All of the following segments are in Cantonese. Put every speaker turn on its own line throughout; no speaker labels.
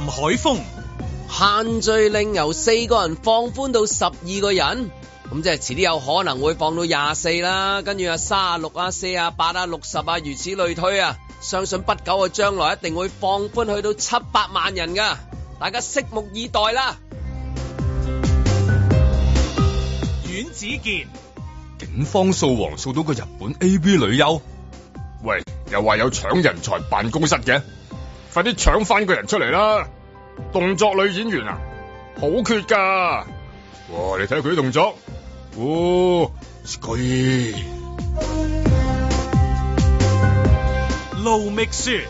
林海峰，
限聚令由四個人放寬到十二個人，咁即係遲啲有可能會放到廿四啦，跟住啊三啊六啊四啊八啊六十啊如此類推啊，相信不久嘅將來一定會放寬去到七百萬人噶，大家拭目以待啦。
阮子健，
警方掃黃掃到個日本 AV 女優，喂，又話有搶人才辦公室嘅。快啲搶翻個人出嚟啦！動作女演員啊，好缺噶！哇，你睇下佢啲動作，哦，
佢 low mix。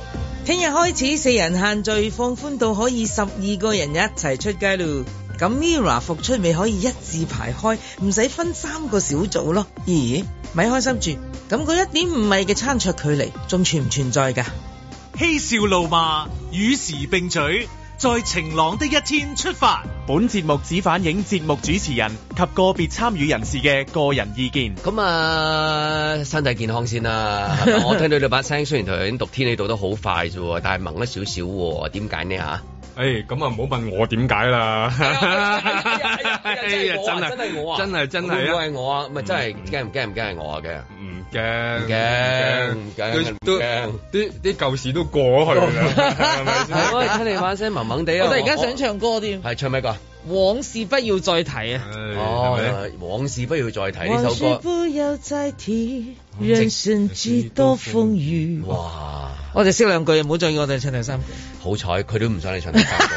聽日開始四人限聚放寬到可以十二個人一齊出街咯。咁 Mirror 復出未可以一字排開，唔使分三個小組咯。咦，咪開心住？咁嗰一點五米嘅餐桌距離仲存唔存在噶？
嬉笑怒罵，與時並取，在晴朗的一天出發。本節目只反映節目主持人及個別參與人士嘅個人意見。
咁啊，身體健康先啦、啊。是是 我聽到你把聲，雖然頭先讀天氣道得好快啫，但係萌得少少喎。點解呢吓？誒，咁啊，唔好、哎、問我點解啦。
哎呀，真係真係我啊，真係真係，會唔會係我啊？咪真係驚
唔驚唔驚係我嘅、啊？
驚驚唔緊，都都啲啲舊
事都過咗去啦。
係咪先？聽你話聲，懵懵哋啊！我突然間想唱歌添。
係唱咩，嗯哦啊，歌？往事不要再提啊！哦，往事不要再提呢首歌。往事不
要再提，人生至多風雨。哇！我哋識兩句，唔好再意我哋唱第三
句。好彩，佢都唔想你唱第三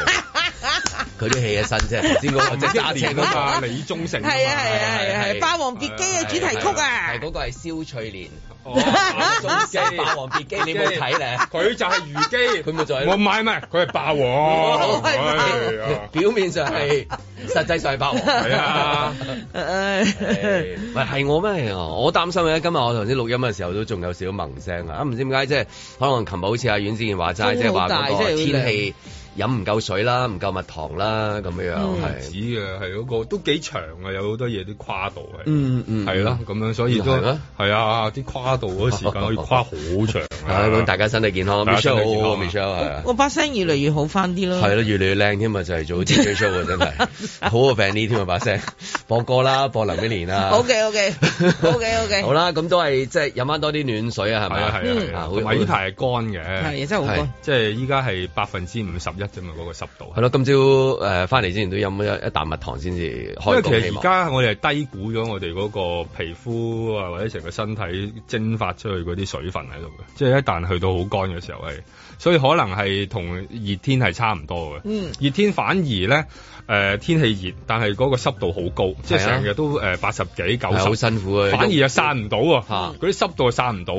佢啲戲嘅身啫，唔知嗰個即係亞視嗰個李忠誠，係啊係啊係係係係係係係《霸王別姬》嘅主題曲啊，係嗰、嗰個係蕭翠蓮，
哦、王霸王別姬，霸王別姬你冇睇咧？
佢就係虞姬，佢咪就係咯，唔係唔係，佢係霸王，霸王啊、表面上係、啊，實際上係霸王，係啊，唉，唔係係我咩？我擔心嘅今日我頭先錄音嘅時候都仲有少少蚊聲啊，唔知點解即係可能琴日好似阿阮志賢話齋，即係話嗰個天氣。飲唔夠水啦，唔夠蜜糖啦，咁樣樣係。唔、嗯、嘅，係嗰、那個都幾長,、嗯嗯嗯、長啊，有好多嘢都跨度係。
嗯
嗯，係啦咁
樣所以都係咯，啊，啲跨度嗰時間以跨好長。大家身體健康 c h o w 好 c h e w 啊 Michelle, 我。
我把聲越嚟越好翻啲咯。係
咯，越嚟越靚添啊！就係、是、做 DJ show 真係， 好好 b 啲添啊！把聲。播歌啦，播林憶年啦、啊。好 k 好
k 好 k OK，, okay, okay, okay. 好啦，
咁都係即係飲翻多啲暖水啊，係
咪、嗯、啊？係啊，係啊，好。嗰
排係乾嘅，
係好即係依家係百分之五十即係嗰個濕度？係咯，今朝誒翻嚟之前都飲咗一一啖蜜糖先至。因為其實而家我哋係低估咗我哋嗰個皮膚啊，或者成個身體蒸發出去嗰啲水分喺度嘅。即係一但去到好乾嘅時候係，所以可能係同熱天係差唔多嘅。嗯，熱天反而咧誒、呃、天氣熱，但係嗰個濕度好高，即係成日都誒八十幾九十，好辛苦，反而又散唔到，嗰、嗯、啲濕度散唔到。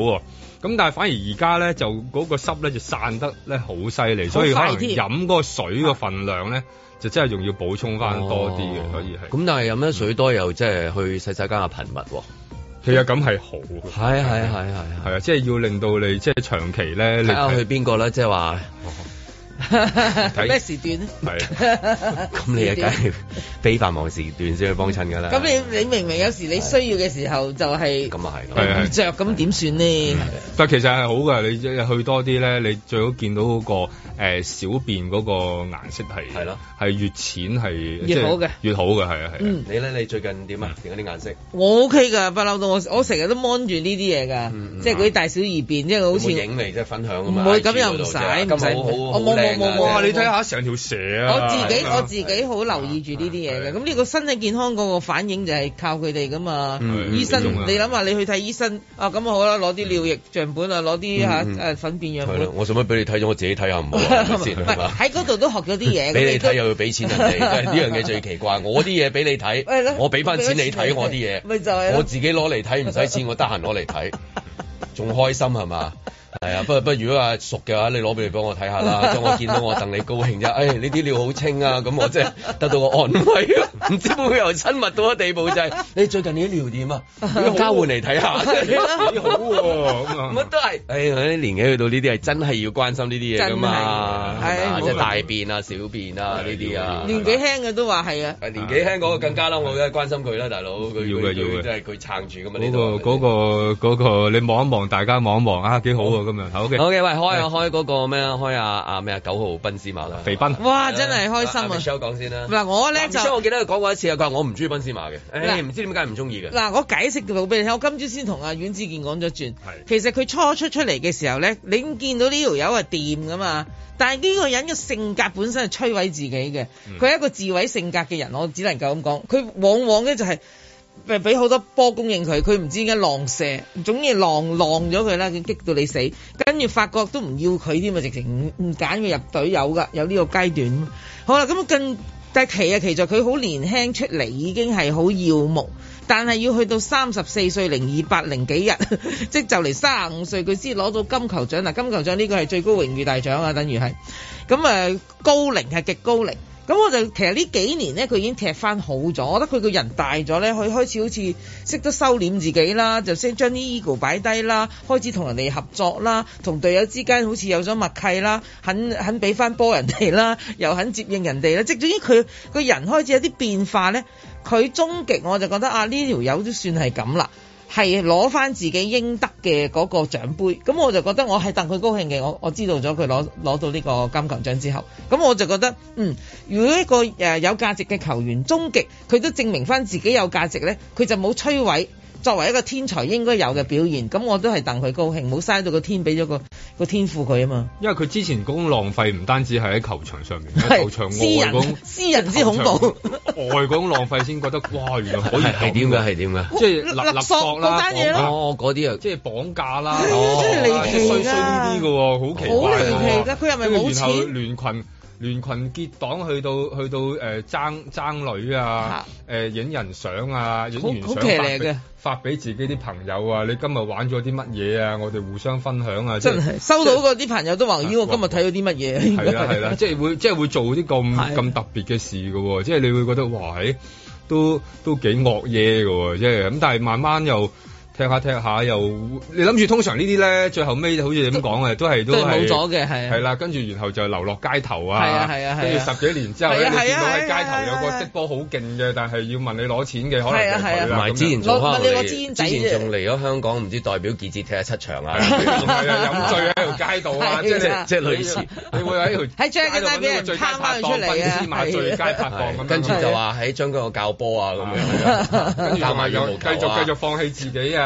咁、嗯、但係反而而家咧就嗰個濕咧就散得咧好犀利，所以可能飲嗰個水嘅份量咧就真係仲要補充翻多啲嘅，所以係。咁、哦嗯嗯、但係飲得水多又即係去洗手間啊，頻密喎、哦嗯。其實，咁係好，係係係係係啊！即、就、係、是、要令到你即係、就是、長期咧。你去
邊個咧？即係話。哦
睇 咩時段咧？咁你啊，梗係
非繁忙時段先去幫襯㗎
啦。咁 時段
你你明明有時你需要嘅時候就係咁啊，係。係咁。著咁點算呢？ 嗯、
但係其實係好㗎，你去多啲咧，你最好見到嗰、嗰個、呃、小便嗰個顏色係係咯，係越淺
係越好嘅，越好嘅係啊係。你咧你最近點啊？點嗰啲顏色？
我 OK 㗎，嗯嗯，不嬲到我我成日都望住呢啲嘢㗎，即係嗰啲大小二便，即係好似影嚟
即係分享咁樣。唔會咁
又唔使唔使，哇、啊啊！你睇下
成條蛇
啊！我自己、啊、我
自己好留意住呢啲嘢嘅，咁呢、啊啊啊、個身體健康個反應就係靠佢哋噶嘛、啊啊。醫生，啊啊、你諗下你去睇醫生、嗯、啊？咁好啦，攞啲尿液樣本、嗯、啊，攞啲嚇誒糞便樣本。啊、
我做乜俾你睇咗？我自己睇下唔好先。唔係喺
嗰度都學咗啲嘢。俾 你睇
又要俾錢人哋，呢樣嘢最奇怪。 我啲嘢俾你睇， 我俾翻錢俾你睇 我啲嘢東，咪 就係、啊。我自己攞嚟睇唔使錢，我得閒攞嚟睇，仲 開心係嘛？ 係啊，不過不如果話熟嘅話，你攞俾你幫我睇下啦， 當我見到我戥你高興啫。哎，你啲尿好清啊，咁、嗯、我即係得到個安慰咯。唔知會唔會由親密到一個地步就係、是、 你最近你啲尿點啊、哎？
交換嚟睇下，幾、 啊、好喎、啊、乜、啊、都
係，哎，年紀去到呢啲係真係要關心呢啲嘢噶嘛，係即係大便啊、小便啊呢啲啊、啊。年
紀輕嘅都話係啊是，年紀
輕嗰個更加啦、嗯，我梗係關心佢啦，大佬。要佢要嘅，佢真係佢撐住噶嘛。嗰、嗰個
嗰、嗰個、嗰個嗰個嗰個、你望一望大家望一望啊，幾好喎好嘅，好
嘅，喂，開啊，開嗰個咩啊，開啊啊咩啊，九號賓斯馬啦，肥賓，哇，真係開心啊！李超
講先啦，嗱、啊，我咧就，李我記
得佢講過一次啊，佢話我唔中意賓斯馬嘅，你唔知點解唔中意嘅，嗱、
啊，我解釋條路俾你聽，我今朝先同阿阮志健講咗轉，其實佢初出出嚟嘅時候咧，你見到呢條友係掂噶嘛，但係呢個人嘅性格本身係摧毀自己嘅，佢係一個自毀性格嘅人，我只能夠咁講，佢往往咧就係、是。俾好多波供應佢，佢唔知點解浪射，總之浪浪咗佢啦，佢激到你死，跟住發覺都唔要佢添嘛，直情唔唔揀佢入隊友噶，有呢個階段。好啦，咁更近期啊，其實佢好年輕出嚟，已經係好耀目，但係要去到三十四歲零二百零幾日，即就嚟三十五歲，佢先攞到金球獎嗱，金球獎呢個係最高榮譽大獎啊，等於係咁誒高齡係極高齡。咁我就其實呢幾年呢，佢已經踢翻好咗。我覺得佢個人大咗呢，佢開始好似識得收斂自己啦，就先將啲 ego 擺低啦，開始同人哋合作啦，同隊友之間好似有咗默契啦，肯肯俾翻波人哋啦，又肯接應人哋啦。即係總之佢個人開始有啲變化呢，佢終極我就覺得啊，呢條友都算係咁啦。係攞翻自己應得嘅嗰個獎杯，咁我就覺得我係戥佢高興嘅。我我知道咗佢攞攞到呢個金球獎之後，咁我就覺得嗯，如果一個誒有價值嘅球員終極，佢都證明翻自己有價值咧，佢就冇摧毀。作為一個天才應該有嘅表現，咁我都係戥佢高興，冇嘥到個天俾咗個個天賦佢啊嘛。因為
佢之前嗰種浪費唔單止係喺球場上面，球場外嗰種
私人之恐怖，
外嗰種浪費先覺得， 哇！原來可以係點嘅？係點嘅？即係立立，索單嘢啦，那哦，嗰啲啊，即係綁架啦， 哦、即係離奇噶、啊，好離奇噶，佢又咪冇錢亂群。連群結黨去到去到誒爭爭女啊，誒影人相啊,啊，影完相、啊、發俾發俾自己啲朋友啊，嗯、你今日玩咗啲乜嘢啊？我哋互相分享啊！真係、即係、收到
嗰啲朋友都話：咦、啊，我今日睇咗啲乜嘢？係啦係啦，即
係會即係會做啲咁咁特別嘅事噶、啊，即係你會覺得哇，欸、都都幾惡嘢噶，即係咁。但係慢慢又。聽下聽下又，你諗住通常呢啲咧，最後尾好似點講嘅都係都係冇咗嘅，係係啦，跟住然後就流落街頭啊！係啊係啊跟住十幾年之後呢、啊哎，你見到喺街頭有個踢波好勁嘅，但係要問你攞錢嘅、啊啊，可能同之前仲可能之前
仲嚟咗香港唔知代表傑志踢咗七場啊！
係 啊！飲醉喺條街度啊！即 即、啊就是、類似你會喺條喺將嗰個邊度攤翻出嚟啊？跟住就話
喺將嗰個教波啊咁樣，跟住又繼續繼續放棄自己啊！ 類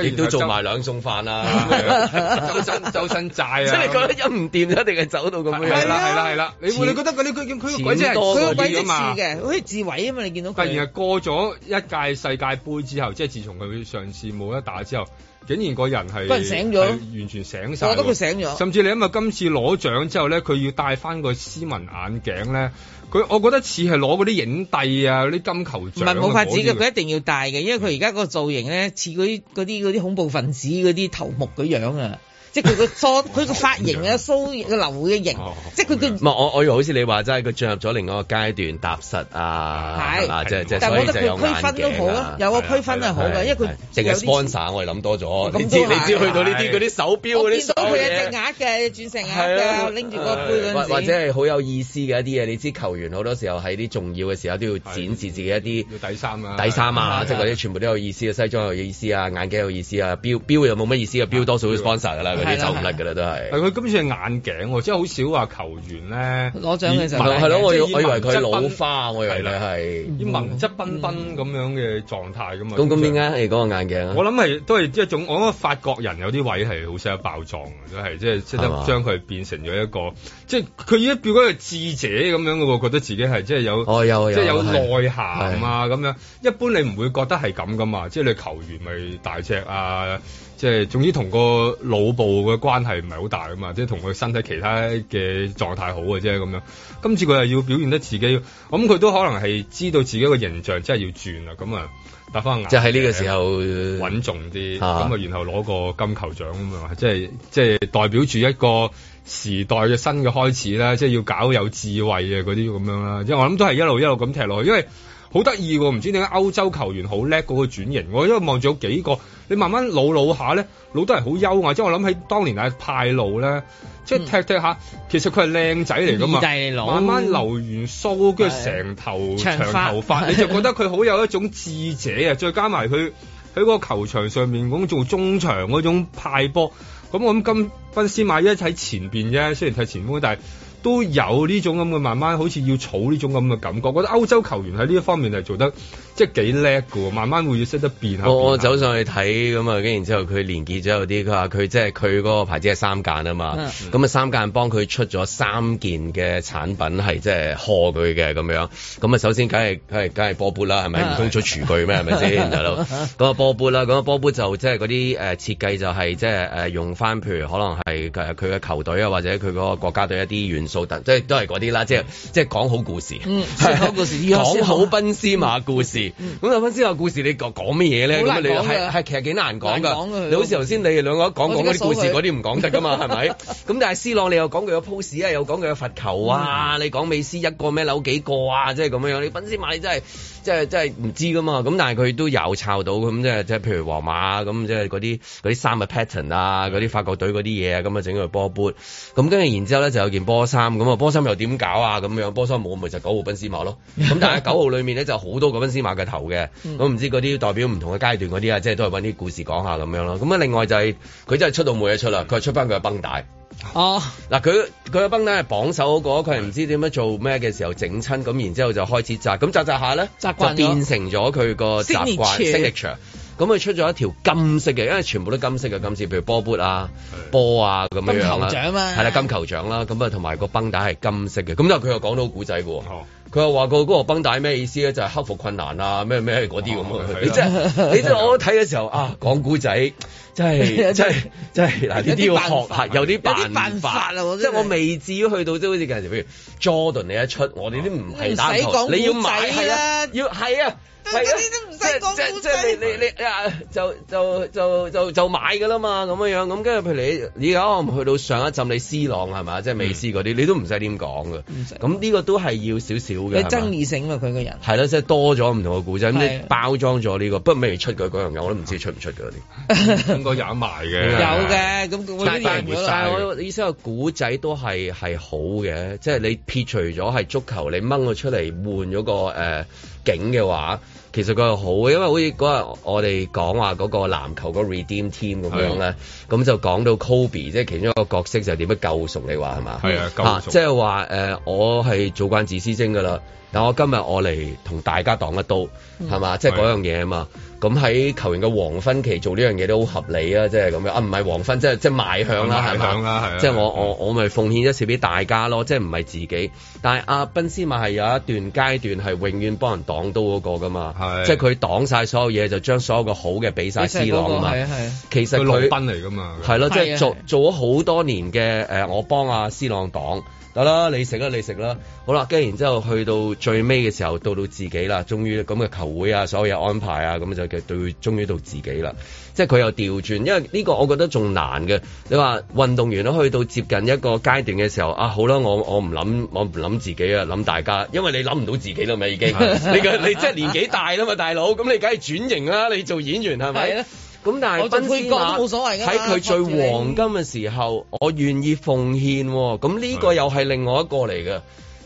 亦 都做埋兩餸飯啦、啊， 周身周身債啊！ 即係你覺得飲唔掂，一定係走到咁
樣。係啦，係啦，係啦！你你覺
得佢佢佢個鬼啫係佢鬼嘅，好似、啊啊、志偉啊嘛！你見到突然係
過咗一屆世界盃之後，即係自從佢上次冇得打之後，竟然個人係完全醒曬，覺得佢醒咗。甚至你諗下今次攞獎之後咧，佢要戴翻個斯文眼鏡咧。佢我覺得似係攞嗰啲影帝啊，嗰啲金球獎。唔係冇髮法子嘅，佢一
定要戴嘅，因為佢而家個造型呢，似嗰啲嗰啲嗰啲恐怖分子嗰啲頭目嗰樣啊。 即係佢個梳佢個髮型啊，梳個留嘅型，哦、即係佢嘅。
唔係我我以為好似你話齋，佢進入咗另外一個階段，踏實啊，嗱即係即係但係我覺得佢區分都好啊，啊，有個區分係好嘅，因為佢有啲 sponsor，我哋諗多咗、就是。你知去到呢啲嗰啲手錶嗰啲，我見到佢有隻
眼嘅轉成啊，拎住個杯嗰陣或者
係好有意思嘅一啲嘢，你知球員好多時候喺啲重要嘅時候都要展示自己一啲底衫啊，底衫啊，即係嗰啲全部都有意思啊，西裝有意思啊，眼鏡有意思啊，錶錶又冇乜意思啊，錶多數都 sponsor 㗎啦。佢啲走唔甩嘅喇都係。係佢
今次係眼鏡喎，
即係好少話球員呢攞獎嘅時候。係咯，我我以為佢係老花，我以為佢
係啲文質彬彬咁樣嘅狀態咁啊。咁咁點解你講個眼鏡呢？我諗係都係一種，我覺得法國人有啲位係好識得爆撞嘅，都、就、係、是、即係識得將佢變成咗一個，即係佢依家變咗個智者咁樣嘅喎，覺得自己係即係有，哦、有，有，即係有內涵啊咁樣。一般你唔會覺得係咁㗎嘛，即係你球員咪大隻啊。即係總之同個腦部嘅關係唔係好大啊嘛，即係同佢身體其他嘅狀態好嘅啫咁樣。今次佢又要表現得自己，咁佢都可能係知道自己個形象真係要轉啦。咁啊，打翻即係喺呢個時候穩重啲，咁啊，然後攞個金球獎咁啊，即係即係代表住一個時代嘅新嘅開始啦。即係要搞有智慧嘅嗰啲咁樣啦。因為我諗都係一路一路咁踢落去，因為。好得意喎！唔知點解歐洲球員好叻嗰個轉型，我因為望住幾個，你慢慢老老下咧，老都係好優雅。即係我諗起當年阿派路咧、嗯，即係踢踢下，其實佢係靚仔嚟噶嘛。慢慢留完須，跟住成頭長,發長頭髮，你就覺得佢好有一種智者啊！再加埋佢喺個球場上面咁做中場嗰種派波，咁我諗金賓斯馬一喺前邊啫，雖然係前鋒，但係。都有呢種咁嘅慢慢好似要儲呢種咁嘅感覺，覺得歐洲球員喺呢一方面係做得即係幾叻㗎喎，慢慢會要識得變下變下、哦。我
走上去睇咁啊，跟然之後佢連結咗有啲，佢話佢即係佢嗰個牌子係三間啊嘛，咁啊三間幫佢出咗三件嘅、嗯、產品係即係賀佢嘅咁樣。咁啊首先梗係梗係梗係波波啦，係咪唔通出廚具咩？係咪先？咁 啊波波啦，咁啊波波就即係嗰啲誒設計就係即係誒用翻譬如可能係佢嘅球隊啊或者佢嗰個國家隊一啲原。數都係都係嗰啲啦，即係即係講好故事，講、嗯、好賓斯馬故事。咁有賓斯馬故，、嗯、故事你講講乜嘢咧？咁你係係其實幾難講噶。你好似頭先你哋兩個講講嗰啲故事，嗰啲唔講得噶嘛，係 咪？咁但係斯朗你又講佢個 pose 啊，又講佢個罰球啊，嗯、你講美斯一個咩扭幾個啊？即係咁樣樣，你賓斯馬你真係。即係即係唔知噶嘛，咁但係佢都有抄到，咁即係即係譬如皇馬咁，咁即係嗰啲嗰啲衫嘅 pattern 波波啊，嗰啲法國隊嗰啲嘢啊，咁啊整個波撥，咁跟住然之後咧就有件波衫，咁啊波衫又點搞啊咁樣，波衫冇咪就九號賓斯馬咯，咁 但係九號裏面咧就好、是、多個賓斯馬嘅頭嘅，咁唔知嗰啲代表唔同嘅階段嗰啲啊，即係都係搵啲故事講下咁樣咯，咁啊另外就係、是、佢真係出到冇嘢出啦，佢出翻佢嘅繃帶。哦，嗱，佢佢個繃帶係綁手嗰個，佢係唔知點樣做咩嘅時候整親，咁然之後就開始紮，咁紮紮下咧就變成咗佢個習慣 signature。咁佢出咗一條金色嘅，因為全部都金色嘅金絲，譬如波布啊、波啊咁樣啦，係啦金球獎啦，咁啊同埋個繃帶係金色嘅，咁但係佢又講到古仔嘅喎。哦佢又話過嗰個繃帶咩意思咧？就係、是、克服困難啊，咩咩嗰啲咁。你真係你真係我睇嘅時候啊，講古仔真係 真係是 真係嗱，呢啲 要學下 有啲辦法啊！即 係我，我未至於去到即好似近時，譬如 Jordan 你一出，我哋啲唔係單頭、啊，你要買啊，要係啊，嗰啲都唔使講即係你你你，你啊，就就就就就買㗎啦嘛咁樣樣。咁跟住譬如你而家我去到上一陣你 C 朗係咪？即係美斯嗰啲，你都唔使點講
㗎。
咁呢個都係要少少。有的你爭
議性啊，佢個人
係咯，即係多咗唔同嘅古仔，咁你包裝咗呢、這個，不過未出過嗰樣嘢，我都唔知出唔出嘅啲、那個，應 該有埋
嘅，有嘅。咁但係我意思話，
古仔都係係好嘅，即係你撇除咗係足球，你掹佢出嚟換咗個誒、呃、景嘅話。其實佢係好嘅，因為好似嗰日我哋講話嗰個籃球個 Redeem Team 咁樣咧，咁就講到 Kobe，即係其中一個角色就點樣救贖你話係嘛？係啊，救贖，即係話誒，我係做慣自私精噶啦，但我今日我嚟同大家擋一刀，係嘛？即係嗰樣嘢嘛。咁喺球員嘅黃昏期做呢樣嘢都好合理啊，即係咁樣啊，唔係黃昏，即係即係賣向啦，係咪？賣向啦，係啊！即係、就是就是就是、我我我咪奉獻一次俾大家咯，即係唔係自己。但係、啊、阿賓斯馬係有一段階段係永遠幫人擋刀嗰個噶嘛，係即係佢擋晒所有嘢，就將所有嘅好嘅俾晒 C 朗啊嘛、係
啊。其實佢落賓嚟噶嘛，係咯，即係做
做咗好多年嘅誒，我幫阿 C 朗擋。得啦，你食啦，你食啦，好啦，跟然之後去到最尾嘅時候，到到自己啦，終於咁嘅球會啊，所有嘢安排啊，咁就對，終於到自己啦，即係佢又調轉，因為呢個我覺得仲難嘅，你話運動員去到接近一個階段嘅時候啊，好啦，我我唔諗，我唔諗自己啊，諗大家，因為你諗唔到自己啦咪已經，你你即係年紀大啦嘛，大佬，咁你梗係轉型啦，你做演員係咪？
咁但係我配角都冇所謂嘅。喺佢最黃
金嘅時候，我願意奉獻。咁呢個又係另外一個嚟嘅。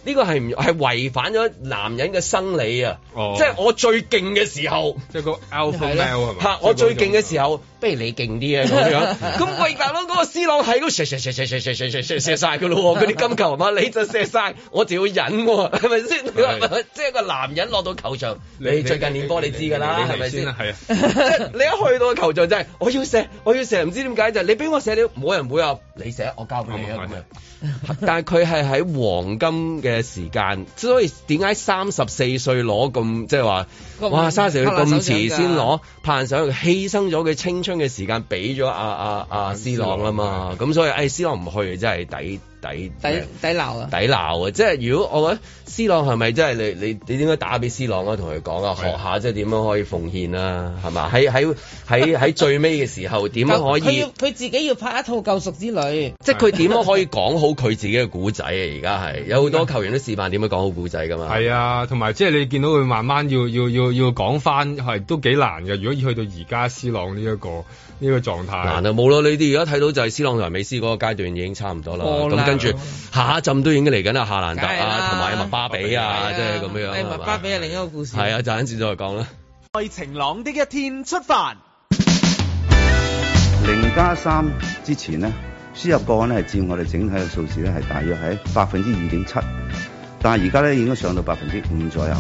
呢、這個係唔係違反咗男人嘅生理啊？Oh. 即係我最勁嘅時候，即、就、係、是、個 Alpha male 嘛？我最勁嘅時候， 不如你勁啲啊！咁樣咁喂，大佬嗰個 C 朗喺嗰度射射射射射射射射射曬咯喎。嗰啲金球嘛，你就射曬， 我就要忍喎、啊，係咪先？即、就、係、是、個男人落到球場你最近練波你知㗎啦，係咪先、啊？係 啊！即係你一去到個球場真係我要射，我要射，唔知點解就你俾我射，你冇人 會話你射，我交俾你啊！咁樣，但係佢係喺黃金嘅。 嘅時間，所以點解三十四歲攞咁，即係話。就是說
哇！沙士佢咁遲先攞，
拍上犧牲咗佢青春嘅時間俾咗阿阿阿 C 朗啦嘛。咁所以，誒、哎、C 朗唔去真係抵抵抵抵鬧啊！抵鬧啊！即係如果我覺得 C 朗係咪真係你你你應該打俾 C 朗啊，同佢講啊，學下即係點樣可以奉獻啦、啊，係嘛？喺喺喺喺最尾嘅時候點 樣可以？
佢自己要拍一套救贖之旅，即係佢點樣
可以講好佢自己嘅古仔啊？而家係有好多球員都示範點樣講好古仔噶嘛？係啊，
同埋即係你見到佢慢慢要要要。要要講翻係都幾難嘅，如果要去到而家 C 朗呢、這、一個呢、這個狀態難啊，
冇咯，你哋而家睇到就係 C 朗同埋美斯嗰個階段已經差唔多啦。咁、哦、跟住、啊、下一陣都已經嚟緊啦，夏蘭特啊，同埋密巴比啊，即係咁樣係嘛。巴比呀、啊，啊就
是、比另一個故事。係啊，
就喺、啊、再講啦。
為晴朗的一天出發。
零加三之前呢，輸入個案咧係佔我哋整體嘅數字咧係大約喺百分之二點七，但係而家咧已經上到百分之五左右。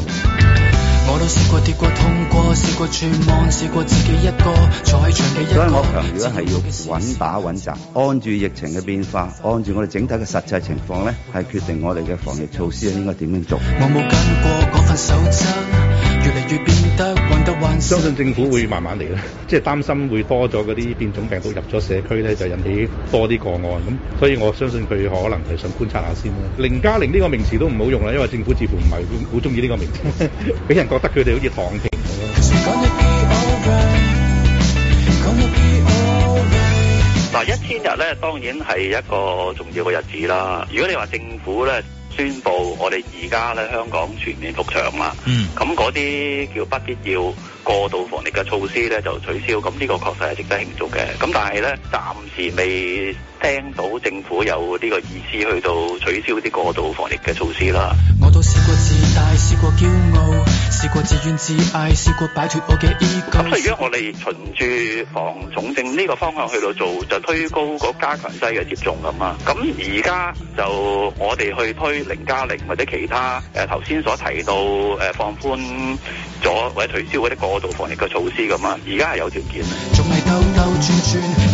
我都試過跌過痛過，試過絕望，試過自己一個，在場嘅一個。所以我強調咧係要穩打穩紮，按住疫情嘅變化，按住我哋整體嘅實際情況咧，係決定我哋嘅防疫措施應該點樣做。我冇跟過嗰份守則，越嚟越變得。相信政府會慢慢嚟啦，即係擔心會多咗嗰啲變種病毒入咗社區咧，就引起多啲個案咁，所以我相信佢可能係想觀察下先啦。零加零呢個名詞都唔好用啦，因為政府似乎唔係好中意呢個名詞，俾人覺得佢哋好似躺平咁樣。嗱，一千日咧當然係一個重要嘅日子啦。如果你話政府咧，宣布我哋而家咧香港全面復場啦，嗯，咁嗰啲叫不必要過度防疫嘅措施咧就取消，咁呢個確實係值得慶祝嘅，咁但係咧暫時未。聽到政府有呢個意思去到取消啲過度防疫嘅措施啦。我都試過自大，試
過驕傲，試過自怨自艾，試過擺脫我嘅依，
咁所以如果我哋循住防重症呢個方向去到做，就推高個加強劑嘅接種咁嘛。咁而家就我哋去推零加零或者其他誒，頭先所提到誒放寬咗或者取消嗰啲過度防疫嘅措施咁嘛。而家係有條件。仲係兜兜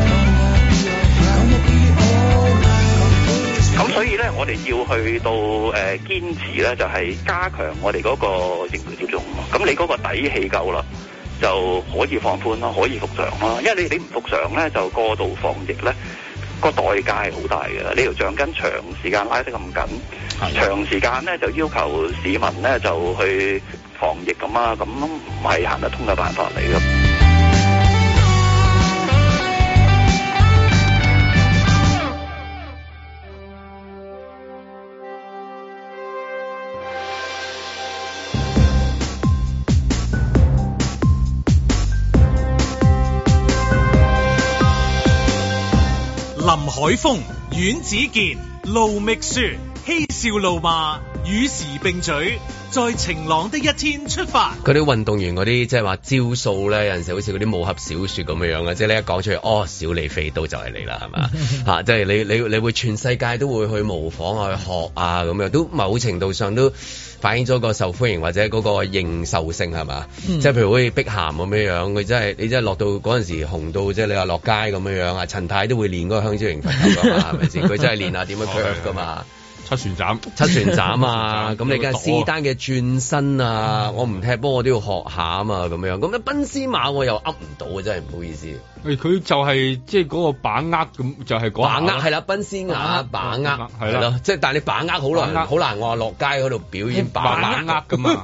咁所以咧，我哋要去到呃、堅持咧，就係、是、加強我哋嗰個疫苗接種。咁你嗰個底氣夠啦，就可以放寬啦，可以復常啦。因為你你唔復常咧，就過度防疫咧，個代價係好大嘅。呢條橡筋長時間拉得咁緊，長時間咧就要求市民咧就去防疫咁啊，咁唔係行得通嘅辦法嚟嘅。林海峰、阮子健、盧覓雪、嬉笑怒罵。與時並舉，在晴朗的一天出發。
嗰啲運動員嗰啲即係話招數咧，有陣時好似嗰啲武俠小説咁樣樣嘅，即係你一講出嚟，哦，小李飛刀就係你啦，係嘛？嚇、 啊，即係你你你會全世界都會去模仿去學啊，咁樣都某程度上都反映咗個受歡迎或者嗰個認受性係嘛？是 即係譬如好似碧咸咁樣樣，佢真係你真係落到嗰陣時紅到，即係你話落街咁樣樣啊，陳太都會練嗰個香蕉型飛刀㗎嘛，係咪先？佢真係練下點樣 curve 㗎嘛、 哦？七旋斬，七旋斬啊！咁你梗係師丹嘅轉身啊，我唔、啊、踢波，我都要學下啊嘛，咁樣咁啊賓斯馬，我又噏唔到，真係唔好意思。佢、哎、就係即係嗰個把握咁，就係嗰個把握係啦，賓斯馬把握係咯，即係但係你把握好難，好難話落街嗰度表演把握噶、欸、嘛，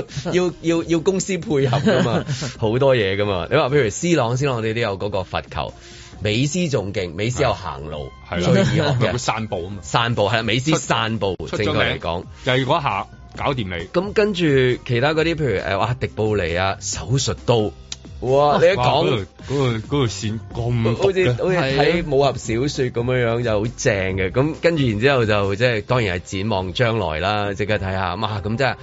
要要要公司配合噶嘛，好多嘢噶嘛。你話譬如 C 朗 C 朗，你都有嗰個罰球。美斯仲勁，美斯有行路，係啦，佢會散步啊嘛，散步係啦。美斯散步正確嚟講，又係嗰下搞掂你。咁跟住其他嗰啲，譬如誒哇、呃，迪布尼啊，手術刀。哇！你一講嗰
個嗰條線咁，好似好似睇
武俠小説咁樣樣就好正嘅。咁跟住然之後就即係當然係展望將來啦。即刻睇下，哇！咁即係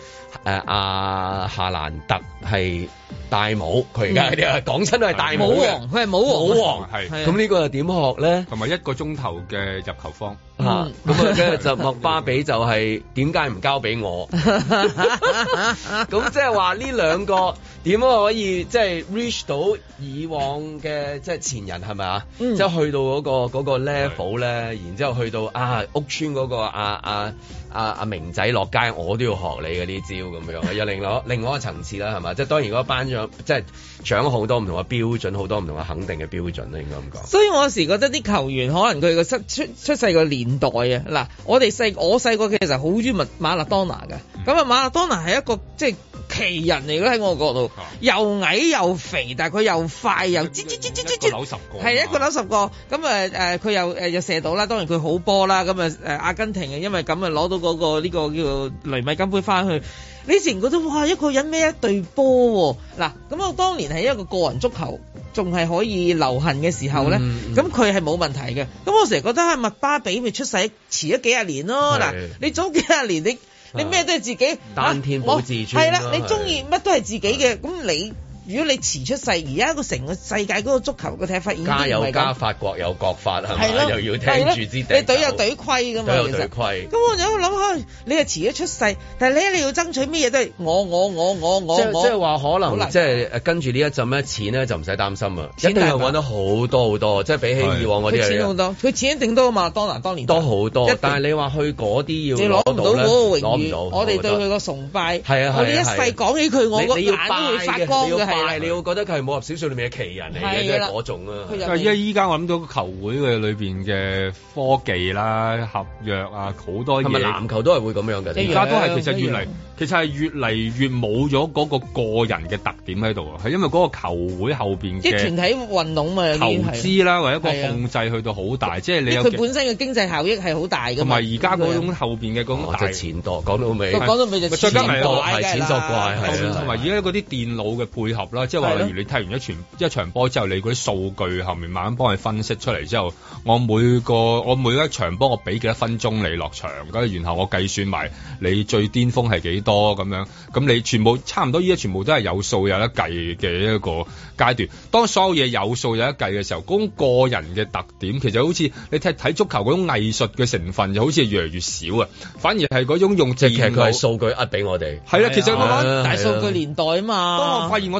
誒阿夏蘭特係戴帽，佢而家嗰啲講親都係戴帽嘅，佢
係帽王，帽王係。咁呢
個又點學咧？同埋一個鐘頭嘅入球方。咁、嗯、啊，跟住就莫巴比就係點解唔交俾我？咁即係話呢兩個點樣可以即係 reach 到以往嘅即係前人係咪啊？即係、嗯、去到嗰、嗰個嗰、嗰個 level 咧，然之後去到啊屋邨嗰個啊啊。阿阿明仔落街，我都要學你嘅啲招咁樣，有另外另外一個層次啦，係嘛？即係當然嗰個頒獎，即係獎好多唔同嘅標準，好多唔同嘅肯定嘅標準啦，應該咁講。
所以我有時覺得啲球員可能佢個出出出世個年代啊，嗱，我哋細我細個其實好中意馬馬拉多拿嘅，咁、嗯、啊馬拉多拿係一個即係。奇人嚟嘅，喺我角度，又矮又肥，但係佢又快又，係一個扭十個，係一個扭十個，咁啊誒佢又誒、呃、又射到啦，當然佢好波啦，咁啊誒阿根廷啊，因為咁啊攞到嗰個呢、這個叫、這個、雷米金杯翻去，你成覺得哇一個人孭一隊波喎，嗱、啊、咁我當年係一個個人足球仲係可以流行嘅時候咧，咁佢係冇問題嘅，咁我成日覺得阿麥巴比咪出世遲咗幾廿年咯，嗱你早幾廿年你。你咩都係自己，單天保至尊，冇係啦，你中意乜都係自己嘅，咁你。如果你遲出世，而家個成個世界嗰個足球嘅踢法，家有家
法，國有國法，又、啊、要聽住支隊，你隊有隊
規㗎嘛？隊有隊規。咁我就諗、哎、你係遲咗出世，但你一你要爭取咩嘢都係我我我我我我。即係話可能即係、就是、
跟住呢一陣咧，錢咧就唔使擔心啊！一定係揾到好多好多，即係比起以往嗰啲。佢錢好
多，佢錢一定多啊！麥當娜當年多
好多，但係你話去嗰啲要，你攞唔到嗰個榮譽，我哋對佢
個崇拜，我哋一世講起佢，我個、啊啊啊、眼都會發光嘅係你
會覺得佢係武俠小説裏面嘅奇
人嚟嘅，即係嗰種啊！因為
依家我諗到球會嘅裏面嘅科技啦、合約啊，好多。係咪籃球都係會咁樣嘅？而家都係其實越嚟其實係越嚟越冇咗嗰個個人嘅特點喺度啊！係因為嗰個球會後面嘅團體
運動嘛，投資啦或者一個控
制去到好大，即係你佢本
身嘅經濟效益係好大嘅。同埋而家嗰種
後面嘅咁就錢多，講到尾講到尾就錢多係錢作怪同埋而家嗰啲電腦嘅配合。即係話，例如你踢完一場一場波之後，你嗰啲數據後面慢慢幫你分析出嚟之後，我每個我每一場波我俾幾多分鐘你落場，然後我計算埋你最巔峰係幾多咁樣，咁你全部差唔多依家全部都係有數有得計嘅一個階段。當所有嘢有數有得計嘅時候，嗰個人嘅特點其實好似你踢睇足球嗰種藝術嘅成分，就好似越嚟越少啊，反而係嗰種用正腳佢係數據厄俾我哋。係啦，其實我、啊啊其實慢慢啊、大數據年代啊嘛。我發現我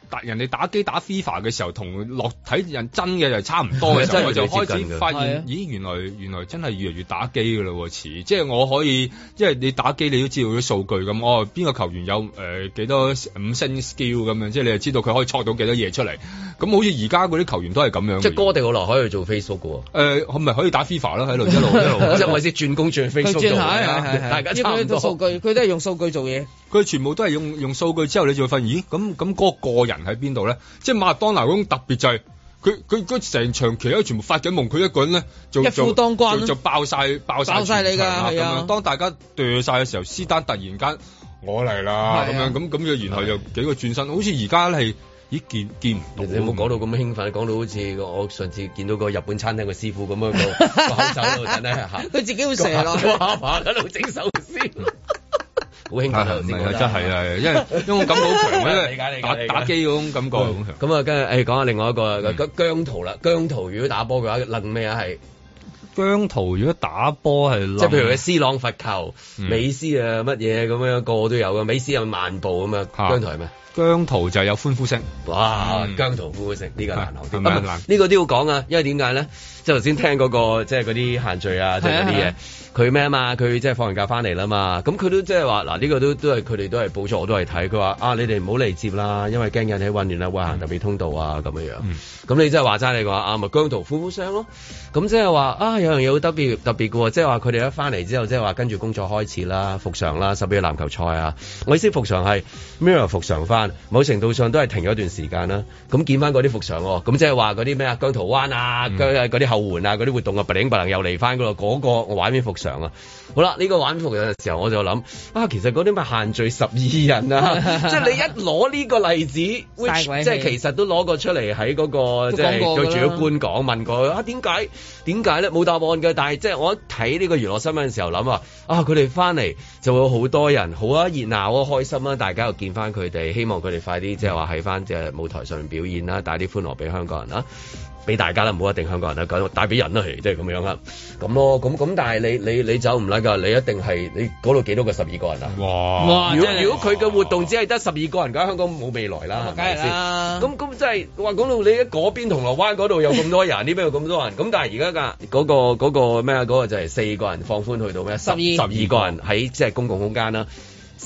人哋打機打 FIFA 嘅時候，同落睇人真嘅就差唔多嘅時候，我就開始發現，咦，原來原來真係越嚟越打機㗎咯喎！似，即係我可以，即係你打機你都知道啲數據咁，哦，邊個球員有誒、呃、幾多五星 skill 咁樣，即係你係知道佢可以錯到幾多嘢出嚟。咁好似而家嗰啲球員都係咁樣，樣，即係哥哋好落可以做 Facebook 嘅。誒、呃，係咪可以打 FIFA 啦？喺度一路一路，即就開始轉工轉去 Facebook 做、哎。大家差唔多。
佢都係用數據做嘢。
佢全部都係用用數據之後，你就會發現，咦，咁咁個個人。喺邊度咧？即係麥當勞嗰種特別就係佢佢佢成場其他全部發緊夢，佢一個人咧就一夫當關，就,就,就爆晒爆晒晒你噶，係啊！當大家對晒嘅時候，斯丹突然間、嗯、我嚟
啦，咁樣咁咁然後又幾個轉身，好似而家係咦見見唔到，你有冇講到咁興奮？講到好似我上次見到個日本餐廳嘅師傅咁樣個快手咁樣，
佢 自己會射哇！喺度整壽司！
好興奮，真係啊，因為因為感覺好強啊，理解你打打機嗰種感覺咁啊，跟住誒，講下、嗯嗯、另外一個啦、嗯，姜濤啦，姜濤如果打波嘅話，能咩啊？係姜濤如果
打波係，
即係譬如佢斯朗罰球、嗯，美斯啊，乜嘢咁樣個個都有噶。美斯有漫步啊嘛，姜濤係咩？
姜濤就有歡呼聲，
哇！嗯、姜濤歡呼聲呢、啊啊呢個難學啲，呢個都要講啊，因為點解咧？即係頭先聽嗰、嗰個，即係嗰啲限聚啊，即係啲嘢。佢咩啊嘛？佢即係放完假翻嚟啦嘛。咁佢都即係話嗱，呢、啊呢個都都係佢哋都係補助，我都係睇。佢話啊，你哋唔好嚟接啦，因為驚引起混亂啦，會、呃、行特別通道啊咁樣樣。咁、嗯嗯、你即係話齋你話啊，咪姜濤呼呼聲咯。咁即係話啊，有樣嘢好特別特別嘅、哦，即係話佢哋一翻嚟之後，即係話跟住工作開始啦、復常啦，十月籃球賽啊。我意思復常係 mirror 復常翻，某程度上都係停咗一段時間啦。咁見翻嗰啲復常喎、哦，咁即係話嗰啲咩啊，姜濤灣啊、嗰、嗯、啲後援啊、嗰啲活動啊 bling bling 又嚟翻嗰度，嗰、嗰個畫面復啊！好啦，呢個玩服嘅時候，我就諗啊，其實嗰啲咪限聚十二人啊， 即係你一攞呢個例子， which, 即係其實都攞、個出嚟喺嗰個即係住主官港問過佢啊，點解點解咧？冇答案嘅。但係即係我一睇呢個娛樂新聞嘅時候諗啊，啊佢哋翻嚟就會好多人，好啊熱鬧啊開心啊，大家又見翻佢哋，希望佢哋快啲、嗯、即係話喺翻隻舞台上面表演啦、啊，帶啲歡樂俾香港人啦、啊。俾大家啦，唔好一定香港人啦，講帶俾人啦，係即係咁樣啦，咁咯，咁咁，但係你你你走唔甩㗎，你一定係你嗰度幾多個十二個人啊？哇！如果如果佢嘅活動只係得十二個人，梗係香港冇未來啦，係咪先？梗係啦。咁咁即係話講到你喺嗰邊銅鑼灣嗰度有咁多人，呢 邊有咁多人，咁但係而家㗎嗰個嗰、嗰個咩啊？嗰、嗰個嗰個就係四個人放寬去到咩十十二個人喺即係公共空間啦。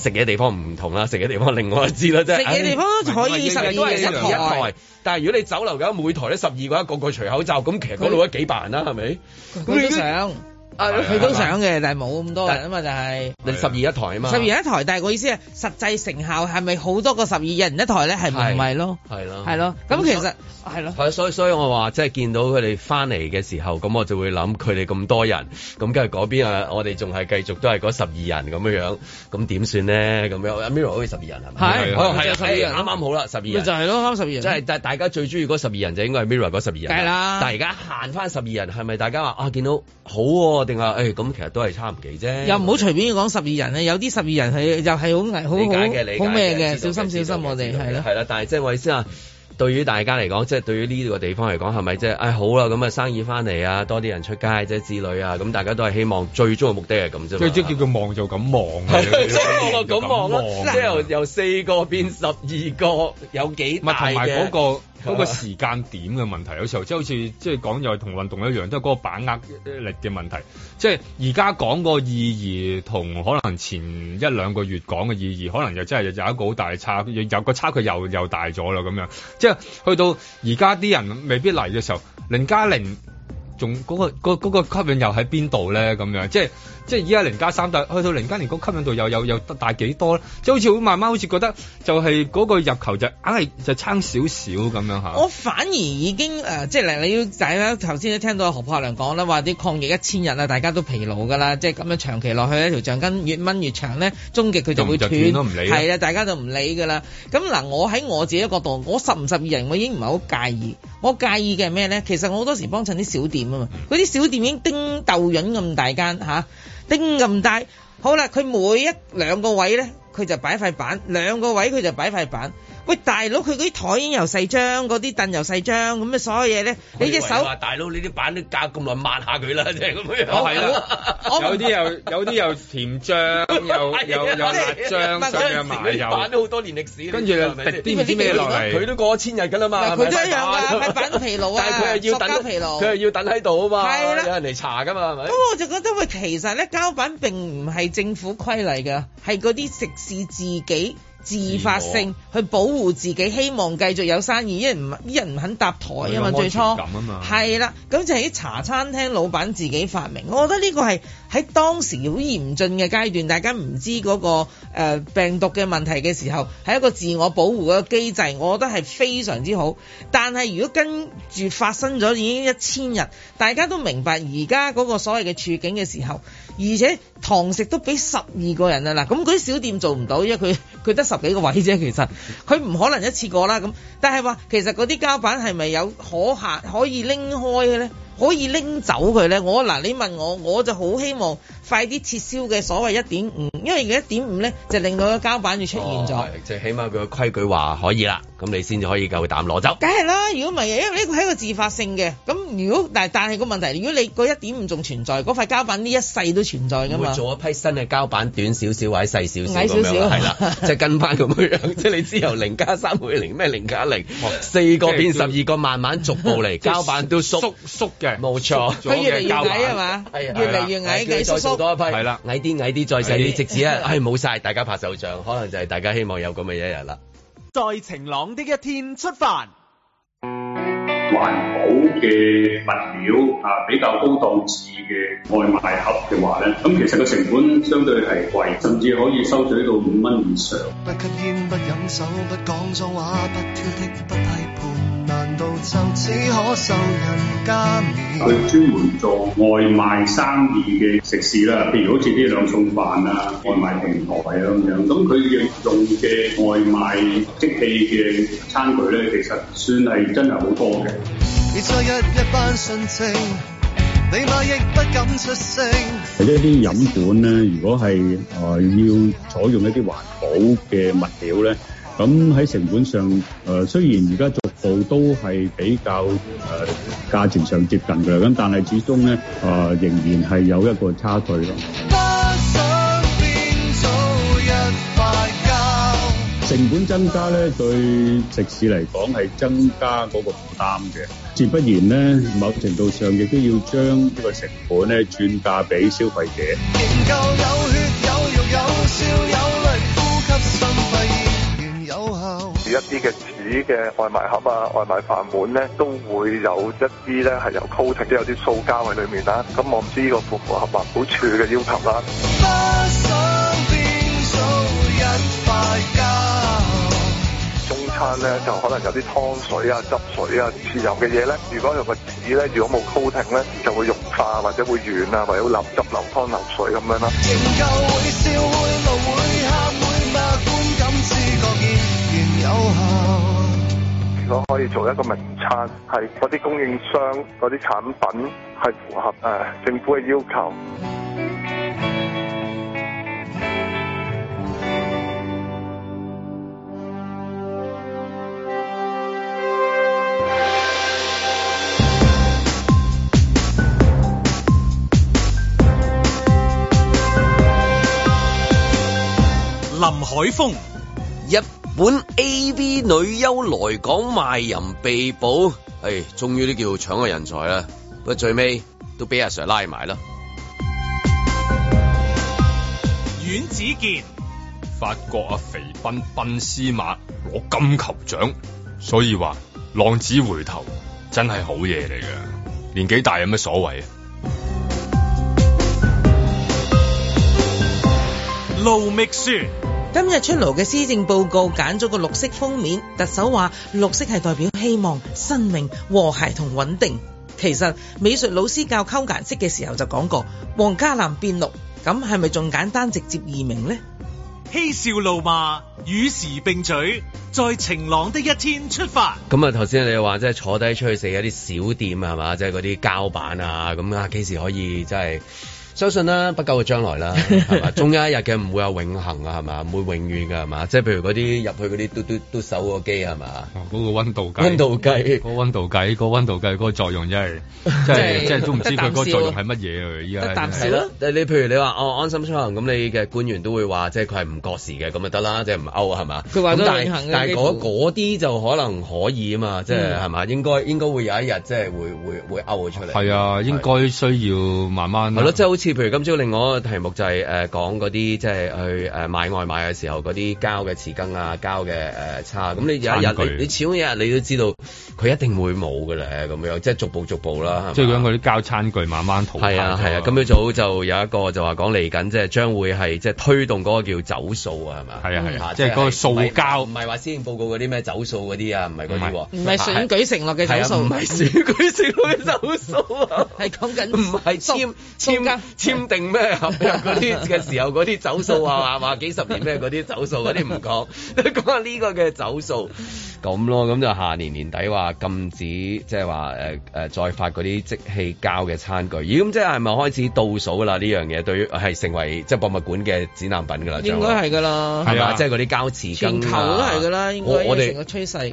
食嘢地方唔同啦，食嘢地方另外一支啦。即係食嘢地方可
以十二台，都
但係如果你酒樓嘅每台都十二個，個，個個除口罩，咁其實嗰度都幾百人啦，係咪？你
都想。佢都想嘅，但係冇咁多人啊、就是、嘛，就係你十
二一台啊嘛，十二一
台。但係我意思係實際成效係咪好多個十二人一台咧？係唔係咯？係咯，係咯。咁其實係咯。
係、嗯，所以所以，所以我話即係見到佢哋翻嚟嘅時候，咁我就會諗佢哋咁多人，咁跟住嗰邊啊，我哋仲係繼續都係嗰十二人咁樣樣，咁點算咧？咁樣 Mirror 好似十二人係咪？係，係，啊，十二人啱啱好啦，十二人。咪就係咯，啱十二人。即係但係大家最中意嗰十二人就應該係 Mirror 嗰十二人。梗係啦。但係而家行翻十二人，係咪大家話啊？見到好。定話誒咁，其實都係差唔幾啫。又唔
好隨便講十二人啊！有啲十二人係又係好理解嘅，理解嘅，你理咩嘅？小心小心我哋係啦，係
啦，但係即係我意思啊。對於大家嚟講，即、就、係、是、對於呢個地方嚟講，係咪即係？唉、哎，好啦，咁啊，生意翻嚟啊，多啲人出街即係之類啊，咁大家都係希望最終嘅目的係咁啫。最終叫佢望就
咁望，即係望
就咁望咯。即 係 由，由四個變十二個，有幾大係同埋嗰個嗰、那個時
間點嘅問題， 有時候即係、就是、好似即係講又係同運動一樣，都係嗰個把握力嘅問題。即係而家講個意義同可能前一兩個月講嘅意義，可能又真係有一個好大差，有個差距又又大咗啦咁樣。即係去到而家啲人未必嚟嘅時候，林嘉玲仲嗰、嗰個嗰嗰、嗰個、吸引又喺邊度咧？咁樣即係。即係而家零加三，但去到零加零，個吸引度，又又又大幾多咧？即係好似會慢慢好似覺得，就係嗰個入球就硬、是、係就撐少少咁樣嚇。我
反而已經誒，即、呃、係、就是、你要大家頭先都聽到何柏良講啦，話啲抗疫一千日啦，大家都疲勞噶啦，即係咁樣長期落去呢條橡筋越掹越長咧，終極佢就會斷就都唔理。係啊，大家都唔理噶啦。咁嗱，我喺我自己嘅角度，我十唔十二人，我已經唔係好介意。我介意嘅係咩咧？其實我好多時幫襯啲小店啊嘛，嗰、嗯、啲小店已經叮鬥韌咁大間、啊丁咁大，好啦，佢每一兩個位咧，佢就擺塊板，兩個位佢就擺塊板。喂，大佬佢嗰啲枱已經又細張，嗰啲凳又細張，咁啊所有嘢咧，你隻手，
大佬你啲板都隔咁耐，抹下佢啦，即係咁樣。哦，係 啦，
有啲又有啲又甜醬，又又有辣醬， 上有麻油。 板都
好多年歷史，跟住啲滴唔知咩落嚟，佢都過咗千日㗎啦嘛。佢都一樣㗎，係板疲勞啊 但係佢係要等，塑膠疲勞，佢係要等喺度啊嘛。係啦，有人嚟查㗎嘛，係咪？咁
我就覺得喂，其實咧膠板並唔係政府規例㗎，係嗰啲食肆自己。自發性去保護自己，希望繼續有生意，因為人唔人唔肯搭台啊嘛！最初咁係啦，咁就係茶餐廳老闆自己發明。我覺得呢個係喺當時好嚴峻嘅階段，大家唔知嗰、那個、呃、病毒嘅問題嘅時候，係一個自我保護個機制，我覺得係非常之好。但係如果跟住發生咗已經一千日，大家都明白而家嗰個所謂嘅處境嘅時候。而且堂食都俾十二個人啊嗱，咁嗰啲小店做唔到，因為佢佢得十幾個位啫，其實佢唔可能一次過啦咁。但係話其實嗰啲膠板係咪有可客可以拎開嘅咧？可以拎走佢咧？我嗱，你問我，我就好希望。快啲撤銷嘅所謂一點五，因為嘅一點五咧就令到個膠板要出現咗，即
係起碼佢嘅規矩話可以啦，咁你先至可以夠膽攞走。梗
係啦，如果唔係，因為呢個係一個自發性嘅。咁如果但但係個問題，如果你個一點五仲存在，嗰塊膠板呢一世都存在㗎嘛。會做一
批新嘅膠板，短少少或者細少少，細少少係啦，即係跟翻咁樣。即係你之由零加三會零咩零加零， 四個變十二個，慢慢逐步嚟膠、 就是、板都縮縮嘅，冇錯，佢越嚟越矮係嘛？越嚟越矮，多一批係啦，矮啲矮啲再細啲，直至啊，係冇晒，大家拍手掌，可能就係大家希望有咁嘅一日啦。
在晴朗的一天出發。
環保嘅物料啊，比較高檔次嘅外賣盒嘅話咧，咁其實個成本相對係貴，甚至可以收取到五蚊以上。不吸煙、不飲酒、不講粗話、不挑剔、不、 佢專門做外賣生意嘅食肆啦，譬如好似呢兩餸飯啊，外賣平台啊咁樣，咁佢用嘅外賣即棄嘅餐具咧，其實算係真係好多嘅。你再一一般情你怕亦不敢出聲。係一啲飲管咧，如果係啊、呃、要採用一啲環保嘅物料咧。咁喺成本上，誒雖然而家逐步都係比較誒價錢上接近嘅，咁但係始終咧，啊仍然係有一個差距咯。成本增加咧，對食肆嚟講係增加嗰個負擔嘅，自不然咧，某程度上亦都要將呢個成本咧轉嫁俾消費者。一啲嘅紙嘅外賣盒啊、外賣飯碗咧，都會有一啲咧係有 coating，即有啲塑膠喺裏面啊。咁、啊啊、我唔知呢個符唔符合環保處嘅要求啦、啊啊。中餐咧就可能有啲湯水啊、汁水啊、豉、啊、油嘅嘢咧，如果用個紙咧，如果冇 coating 咧，就會溶化或者會軟啊，或者會流汁、流湯、流水咁樣啦。
如果可以做一個名冊，係嗰啲供應商嗰啲產品係符合誒、呃、政府嘅要求。
林海峰
一。本 AV 女優來港賣淫被捕，唉、哎，終於都叫搶個人才啦，不過最尾都俾阿 Sir 拉埋啦。
阮子健，法國阿肥
賓賓斯馬攞金球獎，所以話浪子回頭真係好嘢嚟噶，年紀大有乜所謂
啊？盧覓雪。今日出爐嘅施政報告揀咗個綠色封面，特首話綠色係代表希望、生命、和諧同穩定。其實美術老師教溝顏色嘅時候就講過，黃加藍變綠，咁係咪仲簡單直接易明呢？
嬉笑怒罵與時並舉，在晴朗的一天出發。
咁啊，頭先你話即係坐低出去食一啲小店啊，係嘛，即係嗰啲膠板啊，咁啊，幾時可以即係？真是相信啦，不久嘅將來啦，係嘛？ 終有一日嘅唔會有永恆啊，係嘛？唔會永遠嘅，係嘛？即係譬如嗰啲入去嗰啲嘟嘟嘟手嗰機啊，係嘛？嗰、那個溫度計，溫度計，嗰溫度
計，嗰溫度、那個、作用真、就、係、是 就是，即係，即係都唔知佢嗰作用係乜嘢啊！依家係得
啖笑你譬如你話啊、哦，安心出行咁，你嘅官員都會話，即係佢係唔過時嘅，咁咪得啦，即係唔勾 u 係嘛？佢話但係，嗰啲、那個那個、就可能可以啊嘛，即係係嘛？應該應該會有一日即係會會會勾出嚟。係啊，
應該需要慢慢。即係好
似。 譬如今朝另外一個題目就係、是、誒、呃、講嗰啲即係去誒買外賣嘅時候嗰啲膠嘅匙羹啊、膠嘅誒叉，咁你有一日你始終一日你都知道佢一定會冇嘅喇，咁樣即係逐步逐步啦。即係將嗰啲膠餐具慢慢淘汰。係啊係啊，今朝早就有一個就話講嚟緊，即係將會係即係推動嗰個叫走數啊，係、啊、咪？係啊係啊，啊，啊，啊，啊，啊，啊，啊，即係嗰個塑膠，唔係話施政報告嗰啲咩走數嗰啲啊，唔係嗰啲，唔係選舉承諾嘅走數、啊，唔係、啊、選舉
承諾嘅走數啊， 係
講緊唔係簽，簽，簽簽訂咩合約嗰啲嘅時候那些，嗰啲走數啊話幾十年咩嗰啲走數嗰啲唔講，講下呢個嘅走數。咁 咯，咁就下年年底話禁止，即係話再發嗰啲即棄膠嘅餐具。咦、哎？咁即係咪開始倒數啦？呢樣嘢對於係成為即、就是、博物館嘅展覽品㗎啦？應該係
㗎啦，係啊，即
係嗰啲膠匙羹。全都係㗎啦，應該個、哦。我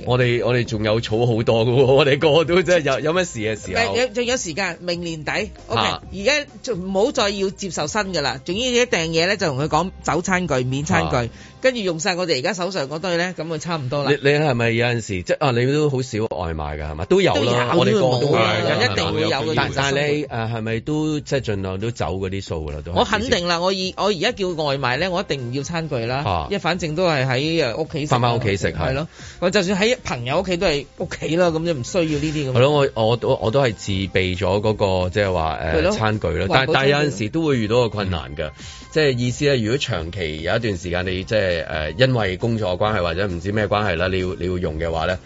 我哋我哋仲有儲好多㗎喎，我哋個都即係有有乜事嘅時候。
仲有，有時間，明年底。O K，而家就唔好。再要接受新噶啦，仲要一訂嘢咧，就同佢講走餐具免餐具。啊跟住用晒我哋而家手上嗰堆咧，咁啊差唔多啦。你
你係咪有陣時即係啊？你都好少外賣㗎係咪？都有啦，都有我哋講到一定會有嘅。但係你係咪、啊啊、都即係盡量都走嗰啲數㗎啦？都我肯定
啦，我我而家叫外賣咧，我一定唔要餐具啦。啊、因為反正都係喺屋企食。翻返屋企食係。係咯，我，我，我、那個、就算喺朋友屋企都係屋企啦，咁就唔需要呢啲咁。係咯，
我我我都係自備咗嗰個即係話餐具喇。但係但有陣時都會遇到個困難㗎、嗯，即係意思咧，如果長期有一段時間你即係。誒、呃，因為工作關係或者唔知咩關係啦，你要你要用嘅話咧。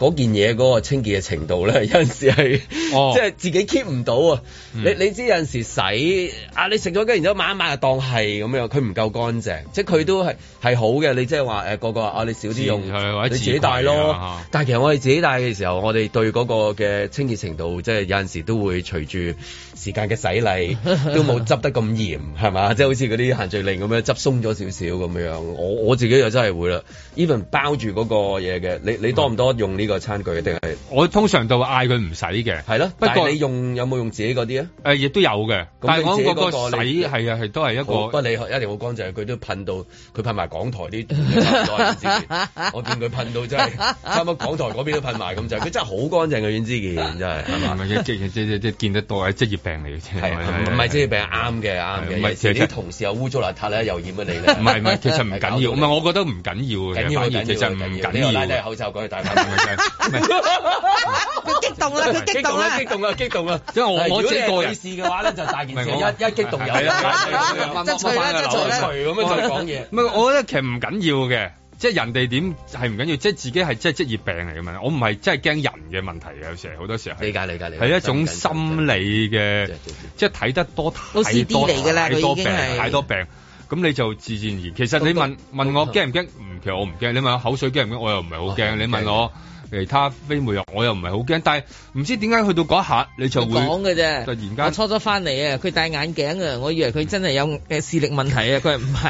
嗰件嘢嗰、那個清潔嘅程度咧，有陣時係，oh. 即係自己 keep 唔到啊,、mm. 啊！你你知有陣時洗啊，你食咗跟然之後，抹一抹當當係咁樣，佢唔夠乾淨，即係佢都係係、mm. 好嘅。你即係話誒個,個啊，你少啲用，自或者你自己帶咯。啊、但其實我哋自己帶嘅時候，我哋對嗰個嘅清潔程度，即係有陣時都會隨住時間嘅洗禮， 都冇執得咁嚴，係嘛？即係好似嗰啲限聚令咁樣執鬆咗少少咁樣。點點我我自己又真係會啦，even 包住嗰個嘢嘅，你你多唔多用呢、這個？Mm. 這個餐具一定係，我通常就嗌佢唔使嘅，係咯。不過你用有冇用自己嗰啲啊？誒，亦都有嘅。但係我個個洗係啊，係都係一個不過你一定好乾淨。佢都噴到，佢噴埋港台啲 我見佢噴到真
係香
唔港台嗰邊都噴埋咁滯。佢真係好乾淨嘅
軟織真係。即即即見得多係職業病嚟嘅唔係職
業病？啱嘅，啱嘅，就是。其實啲同事又污糟邋遢咧，又染咗你咧。唔係唔係，其實唔緊要。唔係，
我覺得唔緊
要其實唔緊要。我口罩過去，戴口
別激動啦！別激動啦！激
動啊！激動啊！激動啊！如果係意思嘅話咧，就大件事，
一一激動。係啊，一激
動啊！一錘咧，一錘咧，咁樣
再講嘢。唔係，我覺得其實唔緊要嘅，即係人哋點係唔緊要，即係自己係即係職業病嚟嘅問題。我唔係真係驚人嘅問題嘅，有時好多時候係。理解理解理解。係一種心理嘅，即係睇得多太多，太多病，太多病。咁你就自自然然。其實你問問我驚唔驚？唔，其實我唔驚。你問我口水驚唔驚？我又唔係好驚。你問我。其他非梅藥，我又唔係好驚，但係唔知點解去到嗰一下，你就會講嘅啫。突然間我初
咗翻嚟啊！佢戴眼鏡啊，我以為佢真係有誒視力問題啊，佢係唔係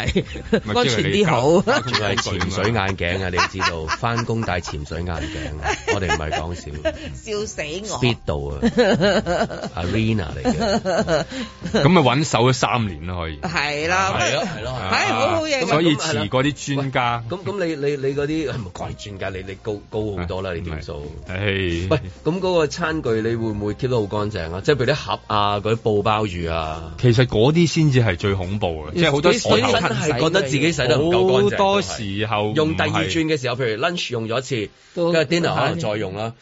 安全啲好？仲係潛水
眼鏡啊！ 你知道，翻工戴潛水眼鏡， 我哋唔係講笑，笑
死我，Speedo
啊，Arena
嚟來
嘅的，咁咪
揾手咗三年咯，可
以係咯，係咯，係咯，係，哎、好好嘢，所以遲
過啲專家。咁 咁你你你嗰啲係咪高級專家？你你高高好多啦。你點做？誒、哎，喂，咁、那、嗰個餐具你會唔會 keep 得好乾淨啊？即係譬如啲盒啊，嗰啲布包住啊，其實嗰啲先至係最恐怖啊！即係好多時，我真係覺得自己洗得唔夠乾淨。好多時候用第二轉嘅時候，譬如 lunch 用咗一次，跟
住 dinner 可能再用
啦。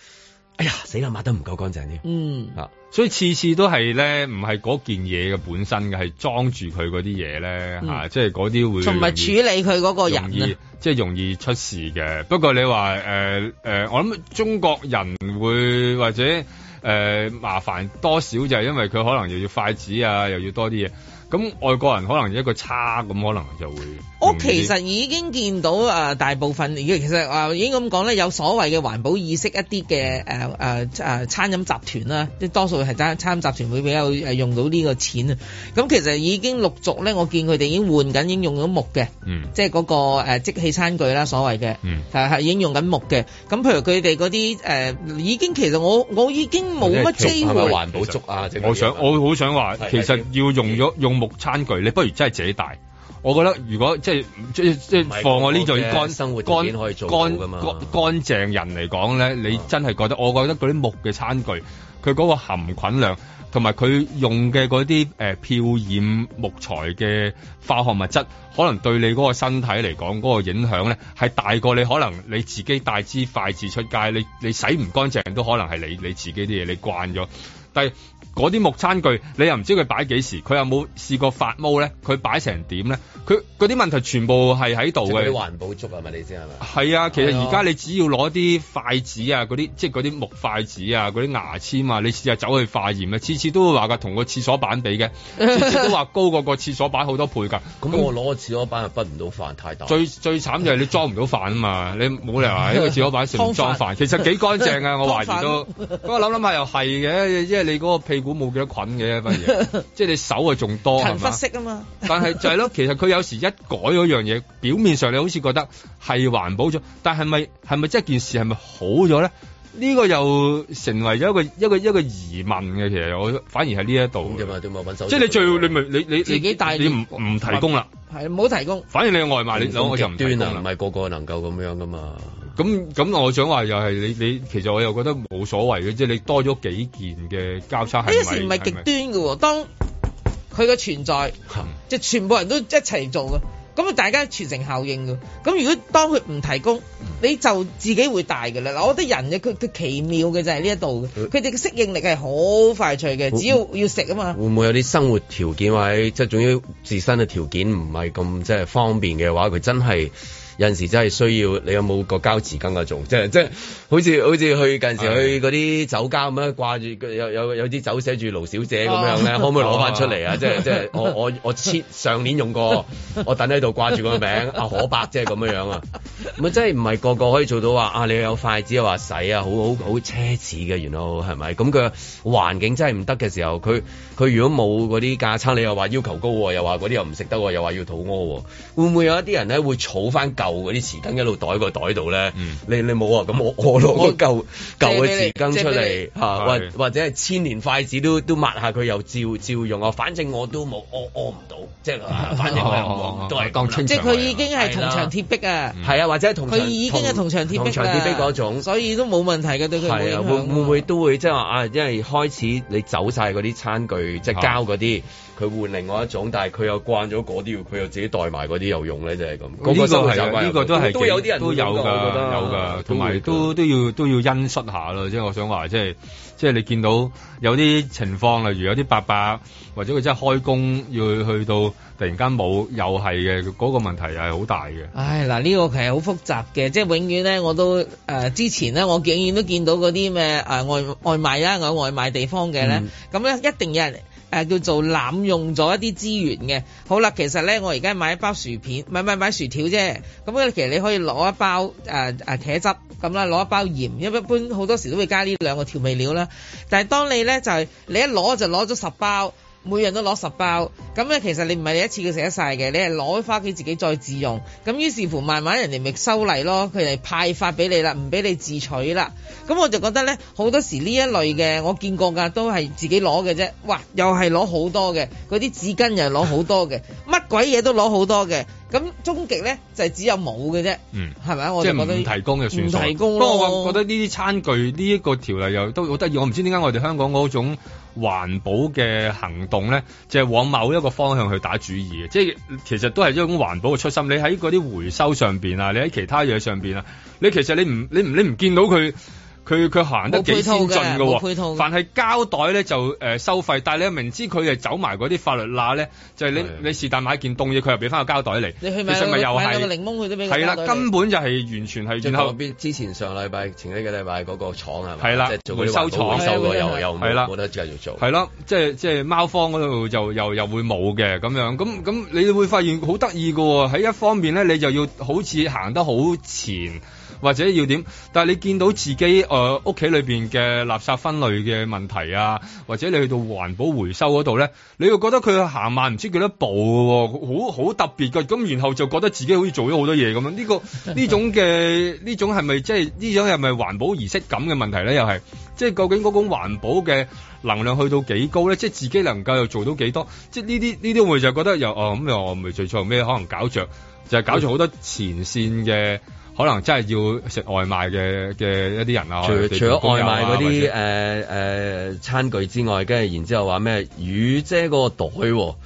哎呀，死啦，
抹得唔夠乾淨添。嗯啊。
所以次次都係咧，唔係嗰件嘢嘅，本身嘅，係裝住佢嗰啲嘢咧，吓、啊嗯，即係嗰啲會同埋處
理佢嗰個人啊，即
係容易出事嘅。不過你話誒誒，我諗中國人會或者誒、呃、麻煩多少就係因為佢可能又要筷子啊，又要多啲嘢。咁外國人可能一個叉咁，可能就會。我
其實已經見到啊、呃，大部分而其實、呃、已經咁講咧，有所謂嘅環保意識一啲嘅誒誒誒餐飲集團啦，即、呃呃呃呃、多數係餐餐飲集團會比較誒用到呢個錢啊。咁、呃、其實已經陸續咧、呃，我見佢哋已經換緊已經用咗木嘅，即係嗰個誒即棄餐具啦，所謂嘅，嗯，係係應用緊木嘅。咁譬如佢哋嗰啲誒已經其實我我已經冇乜機會，係咪環保啊？
我想我好想話，其實要用咗用木餐具，你不如真係自己帶。我覺得如果即係即即放我呢度乾乾可以做乾乾淨人嚟講咧，你真係覺得、啊、我覺得嗰啲木嘅餐具，佢嗰個含菌量同埋佢用嘅嗰啲誒漂染木材嘅化學物質，可能對你嗰個身體嚟講嗰個影響咧，係大過你可能你自己帶支筷子出街，你你洗唔乾淨都可能係你你自己啲嘢，你慣咗，但係。嗰啲木餐具，你又唔知佢擺幾時？佢有冇試過發毛咧？佢擺成點咧？佢嗰啲問題全部係喺度嘅。做、就係、環
保竹係咪？你知係咪？
係啊，其實而家你只要攞啲筷子啊，嗰啲即係嗰啲木筷子啊，嗰啲牙籤啊，你試下走去化驗啊，次次都話噶同個廁所板比嘅，次 次都話高過個廁所板好多倍㗎。咁
我攞個廁所板又撥唔到飯，太大。最
最慘就係你裝唔到飯啊嘛，你冇理由因個廁所板上面裝飯， 飯。其實幾乾淨啊，我懷疑都。不過諗諗下又係嘅，即係你嗰個屁股都冇幾多菌嘅啊，反 而即係你手啊，仲多係色啊嘛，但是是，
但係就
係咯，其實佢有時一改嗰樣嘢，表面上你好似覺得係環保咗，但係咪係咪即一件事係咪好咗咧？呢、這個又成為咗一個一個一個疑問嘅。其實我反而係呢一度對手。即係、就是、你最，你咪你你自己帶，你唔唔提供啦，
係唔好提供。
反而你外賣，你諗我極端啊，唔係個個能夠咁樣㗎嘛。咁咁，我想話又係你你，其實我又覺得冇所謂嘅，即係你多咗幾件嘅交叉係咪？呢一事唔係極端
嘅，當佢嘅存在，係全部人都一齊做嘅，咁啊大家從眾效應嘅。咁如果當佢唔提供，你就自己會大嘅啦。嗱，我覺得人嘅佢佢奇妙嘅就係呢一度，佢哋嘅適應力係好快脆嘅，只要要食啊嘛。
會唔會有啲生活條件或者即係仲要自身嘅條件唔係咁即係方便嘅話，佢真係。有陣時真係需要，你有冇個膠匙羹啊？做即係即係，好似好似去近時去嗰啲酒家咁樣啊，掛住有有有啲酒寫住盧小姐咁樣咧、啊，可唔可以攞翻出嚟啊，啊？即係即係，我我我上年用過，我等喺度掛住個名，阿、啊、可伯即係咁樣樣啊。咁真係唔係個個可以做到話啊？你有筷子又話洗啊，好好好奢侈嘅，原來係咪咁佢環境真係唔得嘅時候，佢佢如果冇嗰啲架撐，你又話要求高、啊，又話嗰啲又唔食得，又話要肚屙、啊，會唔會有一啲人咧會儲翻夠？舊嗰啲匙羹一路袋喺個袋度咧、嗯，你你冇 啊？咁我我攞個舊舊嘅匙羹出嚟，或或者係千年筷子都都抹下佢又照照用啊，啊！反正我都冇，我
我唔到，即係反正我唔講，都係講清場即係佢已經係銅牆鐵壁啊！係、嗯、啊，或者同佢已經係銅牆鐵壁啦，銅牆鐵壁嗰種，所以都冇問題嘅，對佢冇影響、啊啊。會會唔會都
會即係話啊？因為開始你走晒嗰啲餐具即係膠嗰啲，佢換另外一種，但係佢又慣咗嗰啲，佢又自己帶埋嗰啲又用咧，即係咁。個呢、這個都係都有啲人，都有㗎，有㗎，同埋
都還有都要、嗯、都要因恤下咯。即係我想話，即係即係你見到有啲情況，例如有啲伯伯或者佢真係開工要去到突然間冇，又係嘅嗰個問題係係好大嘅。
唉、哎，嗱，呢個其實好複雜嘅，即係永遠咧我都誒、呃、之前咧，我永遠都見到嗰啲咩誒外外賣啦，外賣外賣地方嘅咧，咁、嗯、咧一定有人。誒叫做濫用咗一啲資源嘅，好啦，其實呢，我而家買一包薯片，唔係唔係買薯條啫，咁其實你可以攞一包誒誒、呃、茄汁咁啦，攞一包鹽，因為一般好多時都會加呢兩個調味料啦，但係當你呢，就係、是、你一攞就攞咗十包。每人都攞十包，咁咧其實你唔係一次佢食得曬嘅，你係攞翻屋企自己再自用。咁於是乎慢慢人哋咪收例咯，佢哋派發俾你啦，唔俾你自取啦。咁我就覺得呢，好多時呢一類嘅我見過噶都係自己攞嘅啫。哇，又係攞好多嘅，嗰啲紙巾又攞好多嘅，乜鬼嘢都攞好多嘅。咁終極咧就係、是、只有冇嘅啫，嗯，係咪啊？我即係唔提供嘅算數，唔提供。不過我覺
得呢啲餐具呢一、這個條例又都好得意。我唔知點解我哋香港嗰種環保嘅行動咧，就係、是、往某一個方向去打主意嘅。即係其實都係一種環保嘅初心。你喺嗰啲回收上邊啊，你喺其他嘢上邊啊，你其實你唔你唔你唔見到佢。佢佢行得幾先進嘅喎、哦，凡係膠袋咧就誒、呃、收費，但係你明知佢係走埋嗰啲法律罅咧，就係、是、你是你是但買件凍嘢，佢又俾翻個膠袋嚟，你實咪又係，係啦，根本就係完全係。然後
之前上禮拜前一個禮拜嗰個廠係咪？係啦，就佢收廠，收咗又又係啦，冇得繼續做。
係啦，即係即係貓方嗰度就又又會冇嘅咁樣，咁咁你會發現好得意嘅喎。喺、哦、一方面咧，你就要好似行得好前或者要點，但係你見到自己。誒、呃，屋企裏邊嘅垃圾分類嘅問題啊，或者你去到環保回收嗰度咧，你又覺得佢行慢唔知幾多步喎、啊，好好特別嘅，咁然後就覺得自己好似做咗好多嘢咁樣。呢、這個呢 種嘅呢種係咪即係呢種係咪環保儀式感嘅問題咧？又係即係究竟嗰種環保嘅能量去到幾高咧？即係自己能夠又做到幾多？即係呢啲呢啲會就覺得又哦咁、呃嗯、又未做錯咩？可能搞着就係、是、搞咗好多前線嘅。
可能真係要食外賣嘅嘅一啲人啊，除除咗外賣嗰啲誒誒餐具之外，跟住然之後話咩雨遮嗰個袋、哦，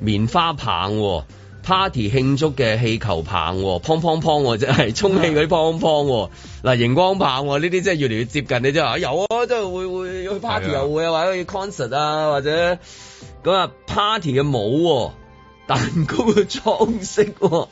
棉花棒、哦、，party 慶祝嘅氣球棒、哦，砰砰砰，即係充氣嗰啲砰砰，嗱螢、哦啊啊、光棒呢、哦、啲，真係越嚟越接近你啫嘛，有啊，即係會會，會去 party 又會啊，或者去 concert 啊，或者咁啊 party 嘅帽、哦，蛋糕嘅裝飾。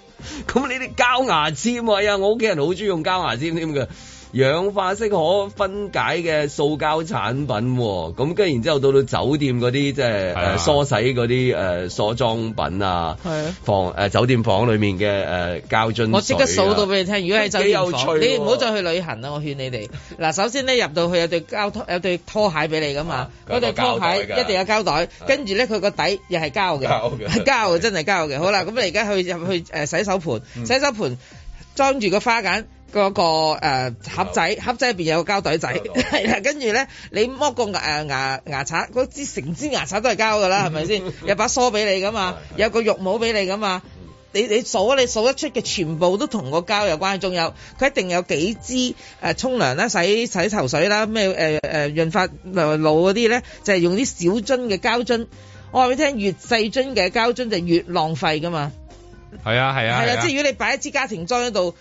咁 你啲膠牙籤、啊，尖、哎、呀？我屋企人好中意用膠牙籤添噶。氧化式可分解嘅塑膠產品，咁跟然之後到到酒店嗰啲即係誒梳洗嗰啲誒梳妝品啊，房誒、呃、酒店房裏面嘅誒、呃、膠樽，我即刻數到俾
你聽。如果喺酒店房，你唔好再去旅行啦，我勸你哋。嗱， 首先咧入到去有對膠有對拖鞋俾你噶嘛，嗰、啊、對拖鞋一定有膠袋，啊、跟住咧佢個底又係膠嘅，膠真係膠嘅。 好啦，咁你而家去入去洗手盆，洗手盆 裝住個花簡。嗰、那個、呃、盒仔，盒仔入面有個膠袋仔，啦、嗯嗯。 跟住咧，你摸個牙牙牙刷，嗰支成支牙刷都係膠噶啦，係咪先？有把梳俾你噶嘛，嗯、有個浴帽俾你噶嘛。你你數啊，你數得出嘅全部都同個膠有關係，仲有佢一定有幾支誒沖涼啦、洗洗，洗頭水啦、咩誒誒潤發露嗰啲咧，就係、是、用啲小樽嘅膠樽。我話俾你聽，越細樽嘅膠樽就越浪費噶嘛。
係啊，係啊，係 啊，啊，啊，即係如果你
擺一支家庭裝喺度。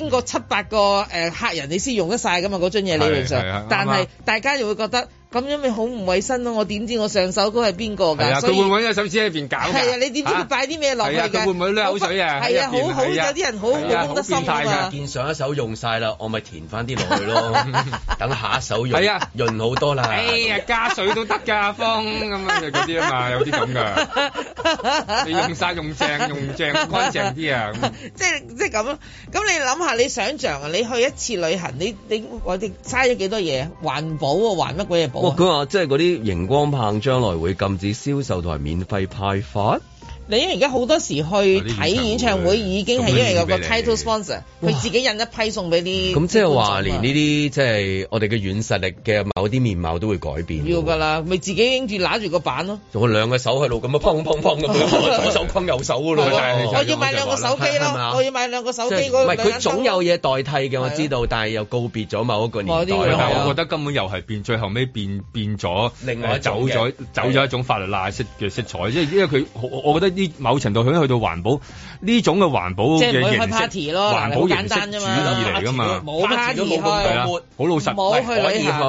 經過七八個誒、呃、客人，你先用得晒噶嘛嗰樽嘢，理論上，但係大家又會覺得。咁樣咪好唔衞生咯，啊！我點知我上手都係邊個㗎？係啊，佢會
揾個手指喺邊搞㗎。係啊，你點知佢擺啲咩落去？係啊，佢、啊、會唔會攞口水啊？係啊，啊，啊，好好有啲人，好好嘅心態㗎。
見
上一手用晒啦，我咪填翻啲落去咯。 等下一手用。係啊，潤好多
啦。哎呀，加水都得㗎，阿方咁樣嘅嗰啲啊嘛，有啲咁㗎。 你用晒用正，用正乾淨啲啊！即係即係咁咯。咁你諗下，你想象啊，你去一次旅行，你你我哋嘥咗幾多嘢？環保啊，環乜鬼嘢保，啊？佢、哦、
話，即係嗰啲熒光棒將來會禁止銷售同埋免費派發。
你因為而家好多時去睇演唱會已經係因為有個 title sponsor，佢自己印一批送俾啲。咁即係話，連呢
啲即係我哋嘅軟實力嘅某啲面貌都會改變。
要㗎啦，咪自己拎住拿住個板咯、啊。
仲有兩個手喺度咁樣砰砰砰咁，左 手，手砰右手㗎 咯是是。我要買兩個手機咯，我要
買兩個手機。佢總
有嘢代替嘅，我知道，但係又告別咗某一個
年代。哦、我覺
得根本又係變，最後
尾變變咗，另外走咗走咗一種法律那式嘅色彩，因為因為佢我覺得。呢某程度去去到環保呢種嘅環保嘅形式
咯，環保形式主義嚟㗎嘛？冇 party 去，
好老
實，
可以去，啊、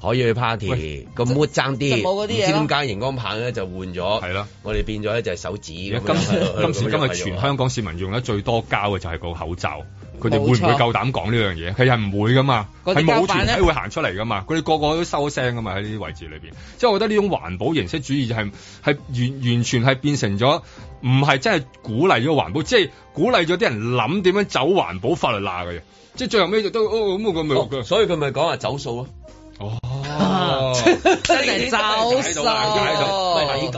可以去 party。咁 mod 爭啲，尖加熒光棒咧就換咗。係咯，我哋變咗一隻手指
咁今時 今，今日全香
港市民用得最多膠嘅就係個口罩。
佢哋會唔會夠膽講呢樣嘢？佢係唔會噶嘛，係冇團體會行出嚟噶嘛。佢哋個個都收聲噶嘛，喺呢啲位置裏邊。即係我覺得呢種環保形式主義就係係完完全係變成咗，唔係真係鼓勵咗環保，即係鼓勵咗啲人諗點樣走環保法
律罅嘅嘢。即係最後尾就都咁，咁咪所以佢咪講話走數咯。哦。哦。啊、哦！真係走數，理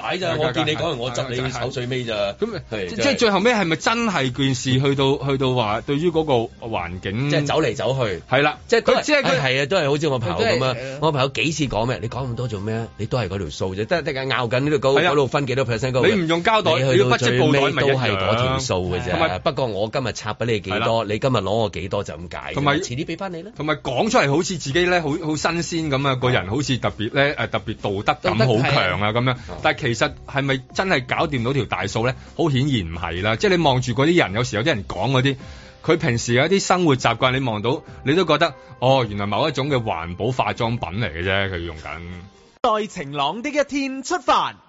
解咋？我見你講完，我執你手最尾咋？咁即係最
後尾係咪真係件事去？去到去到話，對於嗰個
環境，即係走嚟走去，係啦，即係佢只係佢係啊，都係好似我朋友咁啊，我朋友幾次講咩？你講咁多做咩？你都係嗰條數啫，得得拗緊呢度嗰嗰度分幾多 percent 你唔用膠袋，你要筆直布袋你都係嗰條數嘅啫。不過我今日插俾你幾多，你今日攞我幾多就咁解。同埋遲啲俾翻你咧。同埋講出嚟好似自己咧，好好新鮮咁啊！個人
好似特別咧，誒特別道德感好強啊咁樣，但係其實係咪真係搞掂到條大數咧？好顯然唔係啦，即係你望住嗰啲人，有時有啲人講嗰啲，佢平時有一啲生活習慣，你望到你都覺得，哦，原來某一種嘅環保化妝品嚟嘅啫，
佢用緊。在晴朗的一天出發。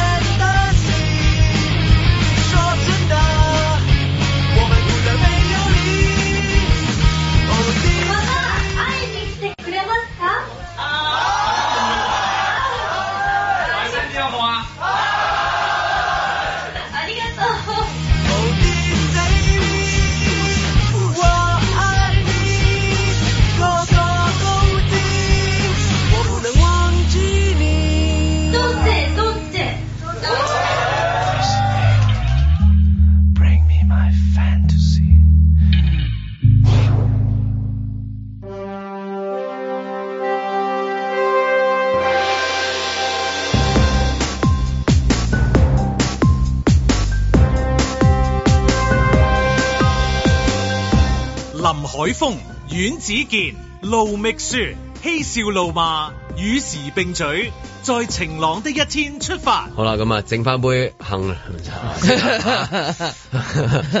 阮子健盧覓雪嬉笑怒罵與時並舉，在晴朗的一天出發。
好啦，咁 啊，整翻杯杏仁茶。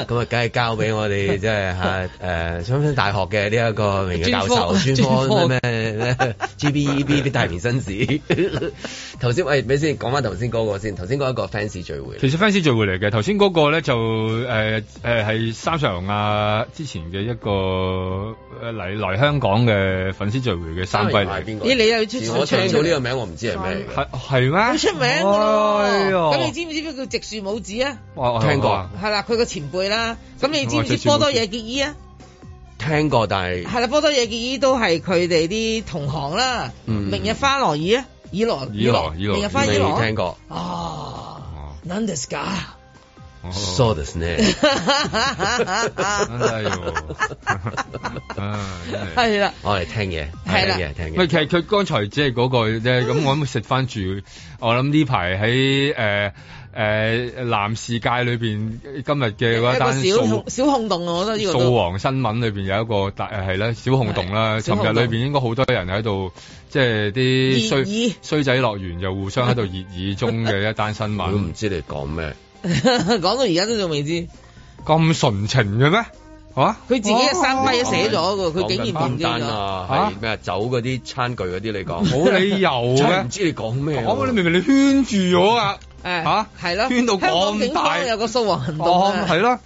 咁啊，梗係交俾我哋即係吓誒，中大學嘅呢一個名嘅教授，專科咩？G B E B 啲大名紳士。頭 先喂，俾先講翻頭先嗰個先。頭先嗰一個 fans 聚會，
其實 fans 聚會嚟嘅。頭先嗰個咧就誒誒係三上啊之前嘅一個。嚟嚟香港嘅粉絲聚會嘅三位係邊個？咦、欸、你又出我聽到呢個
名我唔知係咩，係係咩？
出名㗎咯！咁、哎、你
知唔知邊叫直樹母子啊？
我聽過啊！
係啦，佢個前輩啦。咁你知唔知波多野結衣啊？聽過，是
知知聽過，但係係
啦，波多野結衣都係佢哋啲同行啦、嗯。明日花羅爾啊，爾羅爾，明日花爾羅，明日花羅聽過啊なんですか Saudis 咧，真係喎，係啦 、
啊，我嚟聽嘢，
係啦，聽
喂，其實佢佢剛才只
係嗰個啫，咁 我諗食翻住，我諗呢排喺誒誒男士界裏邊今日嘅話單一小
小空洞，我覺得呢個掃王
新聞裏邊有一個大係、呃、小空洞啦。尋日裏邊應該好多人喺度，即係啲衰衰仔樂園又互相喺度熱議中嘅一單新聞。我 都唔知你講咩。
講 到而家都仲未知，
咁純情嘅咩？啊！
佢自
己嘅生威都寫咗嘅，佢竟然變質啦！係
咩？走嗰啲餐具嗰啲，你講冇理由嘅，唔 知你講咩？你明明你圈住咗、哎、啊！誒，
吓係咯，圈到咁大有個掃、啊啊 喔那個啊啊、黃行動，係咯，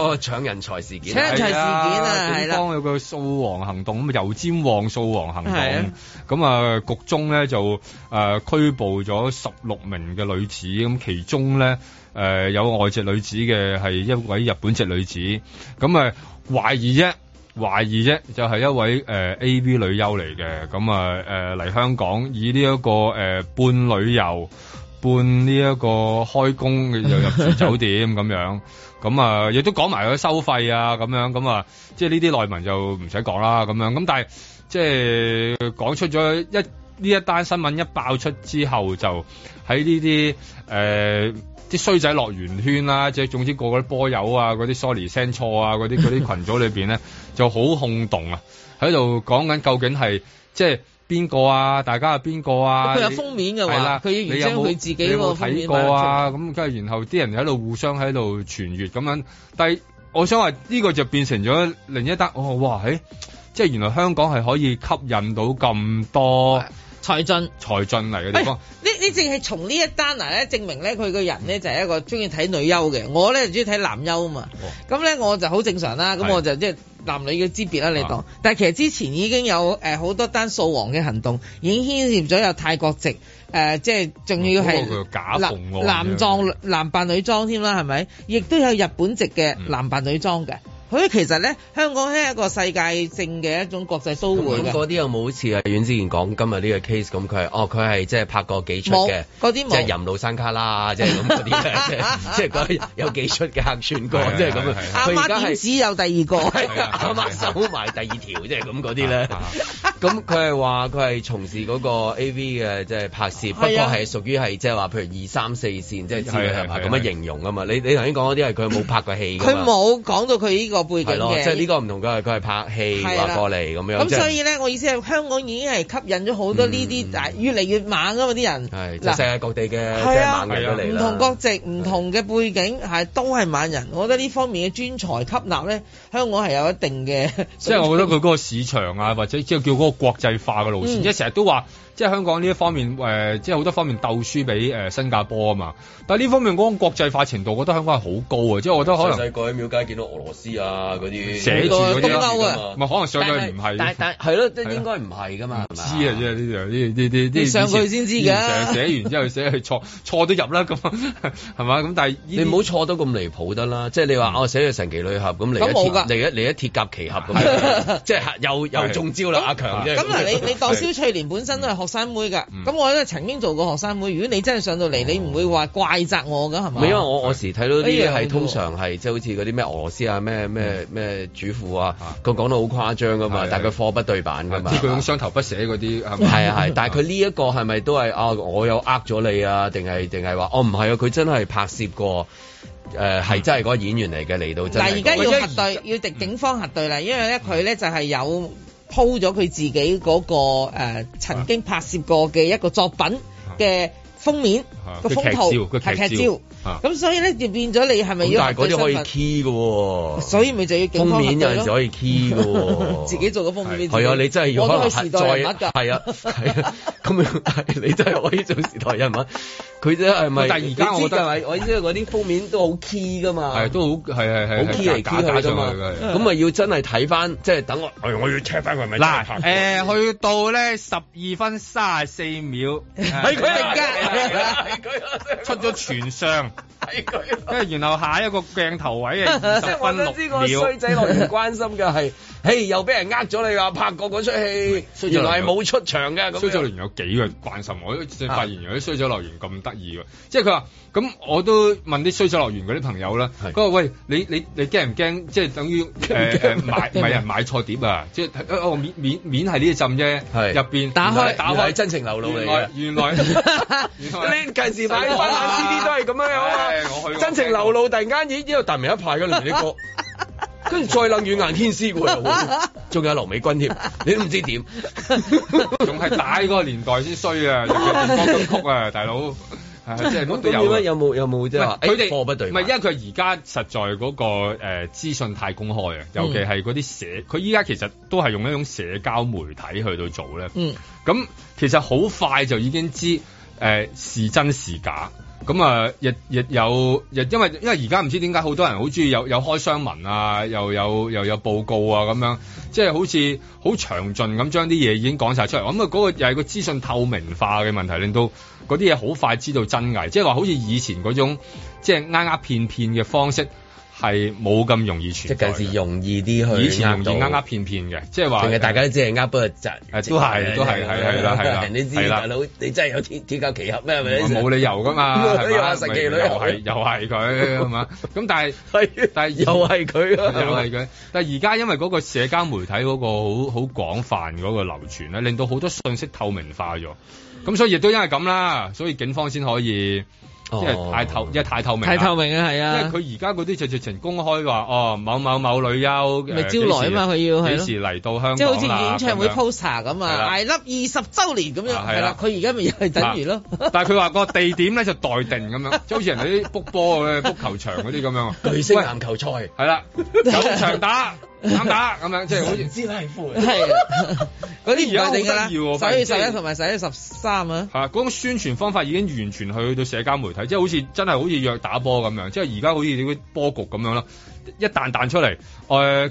個搶人才事
件，搶人才事件啊，係啦，方
有個掃黃行動咁啊，油尖旺掃黃行動，咁啊，局中咧就誒、呃、拘捕咗十六名嘅女子，咁其中咧。誒有外籍女子嘅係一位日本籍女子，咁啊懷疑啫，懷疑啫就係一位誒 AV 女優嚟嘅，咁啊誒嚟香港以呢一個誒半旅遊、半呢一個開工嘅又入住酒店咁樣，咁啊亦都講埋佢收費啊咁樣，咁啊即係呢啲內文就唔使講啦咁樣，咁但係即係講出咗一呢一單新聞一爆出之後，就喺呢啲誒。啲衰仔落圓圈啦、啊，即係總之個嗰啲波友啊、嗰啲 sorry 聲錯啊、嗰啲嗰啲群組裏邊咧 就好轟動啊，喺度講緊究竟係即係邊個啊？大家係邊個啊？佢有封面嘅話，啦，佢原聲佢自己睇面過啊，咁跟住然後啲人喺度互相喺度傳閱咁樣。但係我想話呢、呢個就變成咗另一單，我、哦、話哇，欸、即係原來香港係可以吸引到咁多。泰真、財進嚟
嘅地方，呢、哎、呢正係從呢一單嚟咧，證明咧佢個人咧就係、是、一個中意睇女優嘅。我咧就中意睇男優啊嘛。咁、哦、咧我就好正常啦。咁我就即係男女嘅之別啦、啊。你當、啊，但係其實之前已經有誒好、呃、多單掃黃嘅行動，已經牽涉咗有泰國籍誒、呃，即係仲要係男、
嗯那個、男裝
男扮女裝添、啊、啦，係咪？亦都有日本籍嘅男扮女裝嘅。嗯佢其實咧，香港係一個世界性嘅一種國際都會，嗰
啲又冇好似啊阮之賢講今日呢個 case 咁？佢係哦，佢係即係拍過幾出嘅，
即係任
老山卡啦，即係咁嗰啲即係有幾出嘅客串歌。即係咁阿佢而家係
只有第二個，
收埋第二條，即係咁嗰啲咧。咁佢係話佢係從事嗰個 A V 嘅，即係拍攝，不過係屬於係即係話譬如二三四線，即係知係咪咁樣形容啊嘛？你你頭先講嗰啲係佢冇拍過戲，佢冇
講到佢呢個。個背景嘅，即係呢
個唔同嘅，佢係拍戲過嚟咁樣。咁所以
咧、即係，我意思係香港已經係吸引咗好多呢啲大、嗯、越嚟越猛啊嘛啲人。係，即係世界
各地嘅猛嚟咗唔同國
籍、唔同嘅背景係都係猛人。我覺得呢方面嘅專才吸納咧，香港係有一定嘅。即係我覺得佢嗰個
市場啊，或者即係叫嗰個國際化嘅路線，嗯、即係成日都話。即係香港呢一方面，呃、即係好多方面鬥輸俾、呃、新加坡啊嘛。但呢方面講國際化程度，覺得香港係好高啊。即係我覺得可能細
個喺、嗯、廟街見到俄羅斯啊嗰啲寫字嗰啲啊
可能上佢唔係，但係但係咯，即、嗯、應該
唔係㗎嘛。知
啊，即係呢呢呢
呢。上去先知㗎。啊、寫完之後寫去錯 錯都入啦，咁係嘛？咁但係你唔好錯得咁離譜得啦。即係你話我寫咗《神奇女俠》咁嚟一嚟一嚟一鐵甲奇俠咁，即係又又中招啦，阿強。咁你你當蕭
翠蓮本身都係學生妹噶，咁我咧曾經做過學生妹。如果你真係上到嚟，你唔會話怪責我噶，係嘛？因為我
我時睇到啲嘢係通常係即係好似嗰啲咩俄羅斯啊咩咩咩主婦啊，佢講、啊啊、得好誇張噶嘛，但係佢貨不對版噶嘛。即佢種雙頭不寫嗰啲啊？係啊係，但係佢呢一個係咪都係啊？我有呃咗你啊？定係定係話哦？唔係啊，佢真係拍攝過誒，係、呃、真係嗰演員嚟嘅嚟到真、那個。嗱，而家要核
對，要敵警方核對啦、嗯，因為咧佢咧就係有。鋪咗佢自己嗰、那個、呃、曾經拍攝過嘅一個作品嘅封面個、啊、幅圖，係劇照。咁、啊、所以咧就變咗你係咪要？但係啲可以
key 嘅喎、哦。所以咪就要封面有時可以 key 嘅喎、
哦。 自己做個封面係啊！你真係用得係啊！係啊！
咁 樣你真係可以做時代人物，佢真係咪？但係而家我覺得知道，我意思係嗰啲封面都, key 都是是是好 key 㗎嘛，係都好係係係，好 key 啊假假噶嘛，咁咪要真係睇返，即、就、係、是、等我，是是是我要 check 翻佢咪？嗱、呃、去到呢十二分三
十四秒係佢嚟㗎，係 佢 出咗全相係佢，跟 住然後下一個鏡頭位即係十分六秒，衰 仔樂唔關心嘅係。嘿，又俾人呃咗你話拍過嗰出戲，原來係冇出場嘅。衰仔留言有幾個人關心我，都發現原來啲衰仔留言咁得意㗎。即係佢話，咁我都問啲衰仔留言嗰啲朋友啦。佢話：喂，你你你驚唔驚？即係等於誒買唔係人買錯碟啊！即係哦，面面面係呢一浸啫，入邊打開打開，真情流露嚟。原來
你近時買翻啲 CD 都係咁樣樣啊！真情流露突然間咦咦又突然有一排嗰裏面啲歌。跟住再諗《玉硬天師》喎，仲有劉美君添，你都唔知點，仲 係打嗰個年代
先衰啊，年代更曲啊，大佬、啊，即係乜都有。有
冇有冇啫？佢哋
貨不對唔係，因為佢而家實在嗰、那個誒、呃、資訊太公開啊，尤其係嗰啲社，佢依家其實都係用一種社交媒體去到做咧。嗯，咁其實好快就已經知誒、呃、是真是假。咁、嗯、啊，亦亦有，亦因為因為而家唔知點解好多人好中意有有開箱文啊，又有又有報告啊，咁樣即係好似好詳盡咁將啲嘢已經講曬出嚟。咁、嗯、啊，嗰、那個又係個資訊透明化嘅問題，令到嗰啲嘢好快知道真偽，即係話好似以前嗰種即係呃呃騙騙嘅方式。係冇咁容易傳，即係近時容易啲去。以前容易呃呃
騙騙嘅，即係話。仲係大家都只係呃不過集。都係，都係，係啦，係你係啦，大佬，你真係有啲，鐵甲奇俠咩？係咪？冇理由噶嘛。可女又係又係
佢係嘛？咁但係但係又係佢，又係佢。但係而家因為嗰個社交媒體嗰個好好廣泛嗰個流傳咧，令到好多信息透明化咗。咁所以亦都因為咁啦，所以警方先可以。即係太透，即係太透明。太透明
啊，係啊！因為佢而
家嗰啲就直情公開話，哦，某某某女優咪招來啊嘛，佢要幾時嚟到香港啊？即係好似演唱會 poster 咁啊，挨
笠二十周年咁樣係啦。佢而家咪又係等於咯。
但係佢話個地點咧就待定咁樣，即係好似人哋啲 book 波嘅 book 球場嗰啲咁樣，巨星籃球賽係啦，
九場打。.啱打咁樣， 即係
好似知係負係嗰啲而家定㗎啦，所以十一同
埋洗咗十三
啊！吓、就是，嗰、 啊那個宣傳方法已經完全去到社交媒體，即係好似真係好似約打波咁樣，即係而家好似啲波局咁樣咯，一彈彈出嚟誒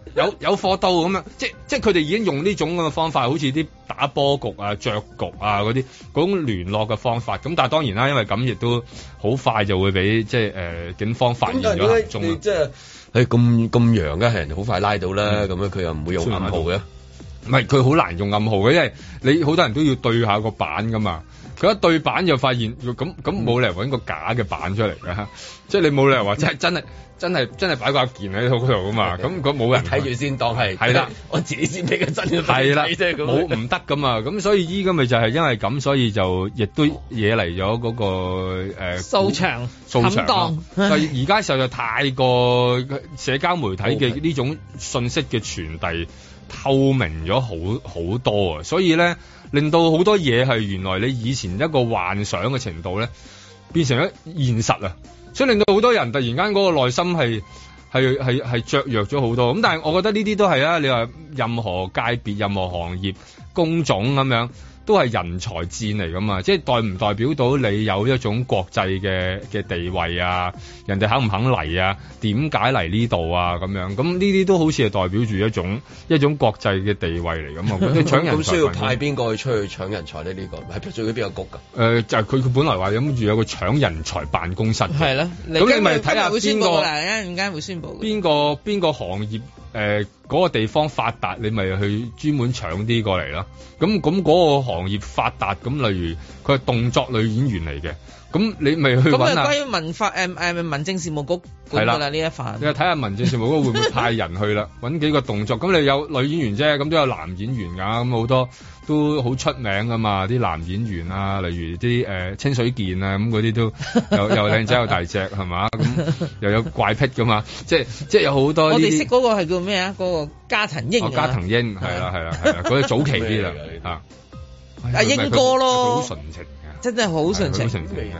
有有貨兜咁樣，即即佢哋已經用呢種咁嘅方法，好似啲打波局啊、着局啊嗰啲嗰種聯絡嘅方法。咁但係當然啦，因為咁亦都好快就會俾即係、呃、警方發現咗。仲係咁咁樣嘅人，好快拉到啦。咁樣佢又唔會用暗號嘅。唔係佢好難用暗號嘅，因為你好多人都要對下個板噶嘛。佢一對板就發現，咁咁冇理由揾個假嘅板出嚟嘅、嗯。即係你冇理由話真、嗯、真係。真係真係擺掛件喺嗰度噶嘛？咁嗰冇人睇住先，當係係啦，我自己先俾個真嘅
俾你冇唔
得噶嘛？咁 所以依家咪就係因為咁，所以就亦都惹嚟咗嗰個、呃、收場
當場、場場
而家實在就太過社交媒體嘅呢種信息嘅傳遞、okay. 透明咗好好多啊！所以咧，令到好多嘢係原來你以前一個幻想嘅程度咧，變成咗現實啊！所以令到好多人突然間嗰個內心係係係係雀躍咗好多，咁但係我覺得呢啲都係啊！你話任何界別、任何行業、工種咁樣。都係人才戰嚟噶嘛，即係代唔代表到你有一種國際嘅嘅地位啊？人哋肯唔肯嚟啊？點解嚟呢度啊？咁樣，咁呢啲都好似係代表住一種一種國際嘅地位嚟噶嘛咁 你搶人咁 需要派
邊個去出去搶人才呢？呢個係得罪咗邊個局噶？誒
呃，就係佢佢本來話諗住有個搶人才辦公室嘅，係 咯？咁你咪睇下邊個一陣間會宣布，邊個邊個行業誒？呃嗰個地方發達，你咪去專門搶啲過嚟咯。咁咁嗰個行業發達，咁例如佢係動作類演員嚟嘅。咁你咪去咁咪關於
文化，誒誒民政事務局係啦呢一份，你睇
下民政事務局會唔會派人去啦？揾 幾個動作。咁你有女演員啫，咁都有男演員噶。咁好多都好出名噶嘛，啲男演員啊，例如啲誒、呃、清水健啊，咁嗰啲都又又靚仔又大隻係嘛？咁 又有怪癖噶嘛？ 即即有好多我哋識
嗰個係叫咩啊？嗰、嗰個加藤英家、啊哦、加藤
英
係啦係啦
係啦，嗰啲、 嗰個、早期啲 啊嚇啊英哥咯，佢好純情。真係好純情，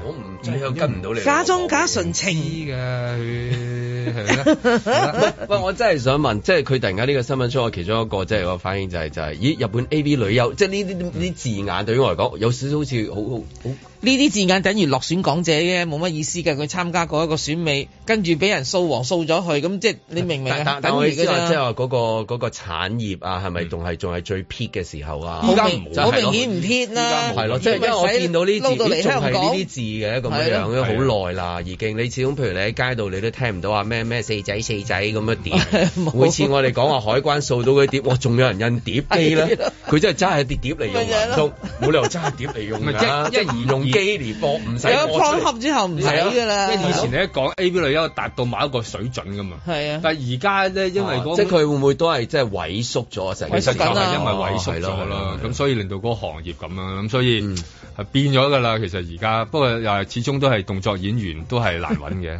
我唔最後跟唔到你，假裝假純情嘅佢係咪。喂、
啊、 是的 喂，我真係想問，即係佢突然間呢個新聞出，我其中一個，即、就、係、是、個反應就係、是，就係、是、咦？日本 A B 女優，即係呢啲啲字眼，對於我嚟講有少少好似好好好。好
呢啲字眼等於落選港姐嘅，冇乜意思嘅。佢參加過一個選美，跟住俾人掃黃掃咗去，咁即係你明唔明啊？等佢嗰陣即係
話嗰個嗰個產業啊，係咪仲係仲係最撇嘅時候啊？好明顯
唔撇啦，係咯，即係因為我見到呢啲字，呢呢啲
字嘅咁樣，樣，因為好耐啦，已經。你始終譬如你喺街度，你都聽唔到話咩咩四仔四仔咁樣碟。每次我哋講話海關掃到嗰啲碟，仲 有人印碟機咧？佢真係揸係啲碟嚟用，啊，冇理由揸係碟嚟用㗎，啊。即係唔用。 就是基尼波唔
使破合
之後唔使噶啦，即、啊、以前你
一講 AV 女優達到某
一個水準噶嘛，係啊，但係而家咧因為、那個啊、即係佢會唔會都係即係萎縮咗成？其實就因為萎縮咗啦，咁所以令到嗰個行業咁樣，咁所以係變咗噶啦。其實而家不過又係始終都係動作演員都係難揾嘅。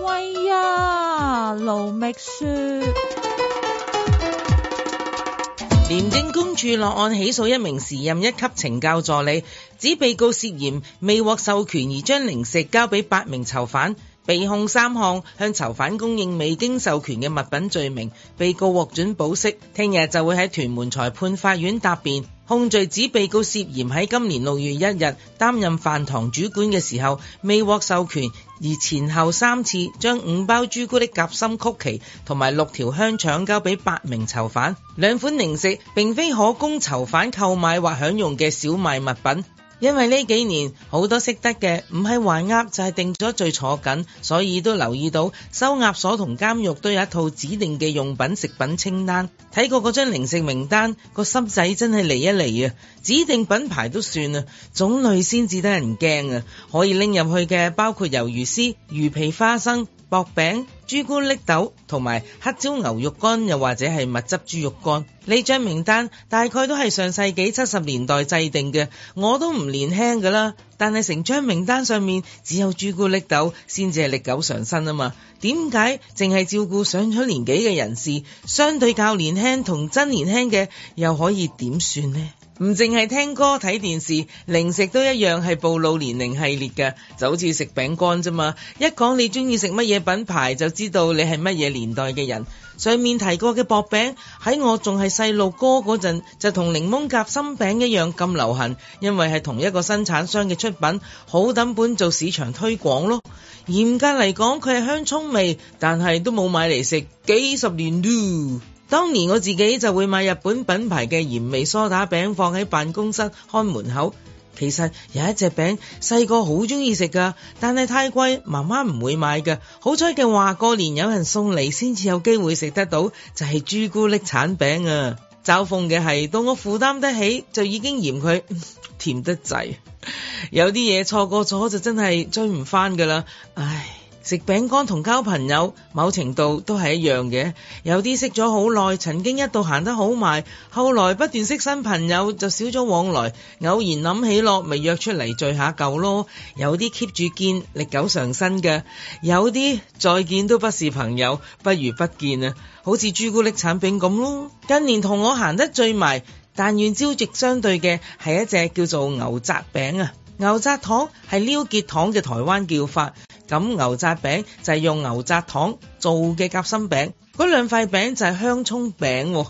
喂啊，盧覓雪。廉政公署落案起訴一名時任一級懲教助理，指被告涉嫌未獲授權而將零食交俾八名囚犯，被控三項向囚犯供應未經授權嘅物品罪名。被告獲准保釋，聽日就會喺屯門裁判法院答辯。控罪指被告涉嫌喺今年六月一日擔任飯堂主管嘅時候，未獲授權。而前後三次，將五包朱古力夾心曲奇同埋六條香腸交畀八名囚犯，兩款零食並非可供囚犯購買或享用嘅小賣物品。因為呢幾年好多識得嘅唔係還押就係、係、定咗罪坐緊，所以都留意到收押所同監獄都有一套指定嘅用品食品清單。睇過嗰張零食名單，個心仔真係嚟一嚟啊！指定品牌都算啊，種類先至得人驚啊！可以拎入去嘅包括魷魚絲、魚皮花生。薄餅、朱古力豆同埋黑椒牛肉乾，又或者係蜜汁豬肉乾。呢張名單大概都係上世紀七十年代制定嘅，我都唔年輕噶啦。但係成張名單上面只有朱古力豆先至係歷久常新啊嘛？點解淨係照顧上咗年紀嘅人士？相對較年輕同真年輕嘅又可以點算呢？唔淨係聽歌睇電視，零食都一樣係暴露年齡系列㗎，就好似食餅乾啫嘛。一講你鍾意食乜嘢品牌，就知道你係乜嘢年代嘅人。上面提過嘅薄餅，喺我仲係細路哥嗰陣，就同檸檬夾心餅一樣咁流行，因為係同一個生產商嘅出品，好等本做市場推廣咯。嚴格嚟講，佢係香蔥味，但係都冇買嚟食幾十年啦。當年我自己就會買日本品牌嘅鹽味梳打餅放喺辦公室看門口。其實有一隻餅細個好鍾意食噶，但係太貴，媽媽唔會買噶。好彩嘅話過年有人送嚟，先至有機會食得到。就係朱古力橙餅啊！嘲諷嘅係到我負擔得起就已經嫌佢、嗯、甜得滯。有啲嘢錯過咗就真係追唔翻噶啦，唉。食餅乾同交朋友，某程度都係一樣嘅。有啲識咗好耐，曾經一度行得好埋，後來不斷識新朋友就少咗往來。偶然諗起落咪約出嚟聚下舊咯。有啲 keep 住見，歷久常新嘅；有啲再見都不是朋友，不如不見啊！好似朱古力產品咁咯。近年同我行得最埋，但願朝夕相對嘅係一隻叫做牛軋餅啊！牛軋糖係溜結糖嘅台灣叫法。咁牛軋餅就係用牛軋糖做嘅夾心餅，嗰兩塊餅就係香蔥餅，喎，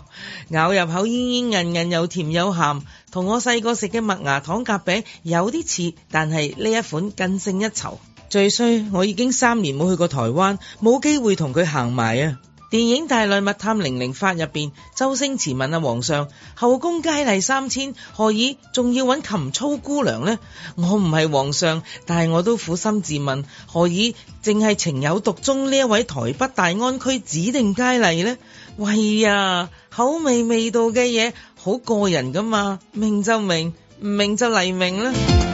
咬入口煙煙韌韌，又甜又鹹，同我細個食嘅麥芽糖夾餅有啲似，但係呢一款更勝一籌。最衰我已經三年冇去過台灣，冇機會同佢行埋啊！電影《大內密探零零發》入邊，周星馳問啊皇上：後宮佳麗三千，何以仲要揾琴操姑娘呢？我唔係皇上，但係我都苦心自問：何以淨係情有獨鍾呢一位台北大安區指定佳麗呢？喂呀，口味味道嘅嘢好個人噶嘛？命就命命就明就明，唔明就嚟明啦。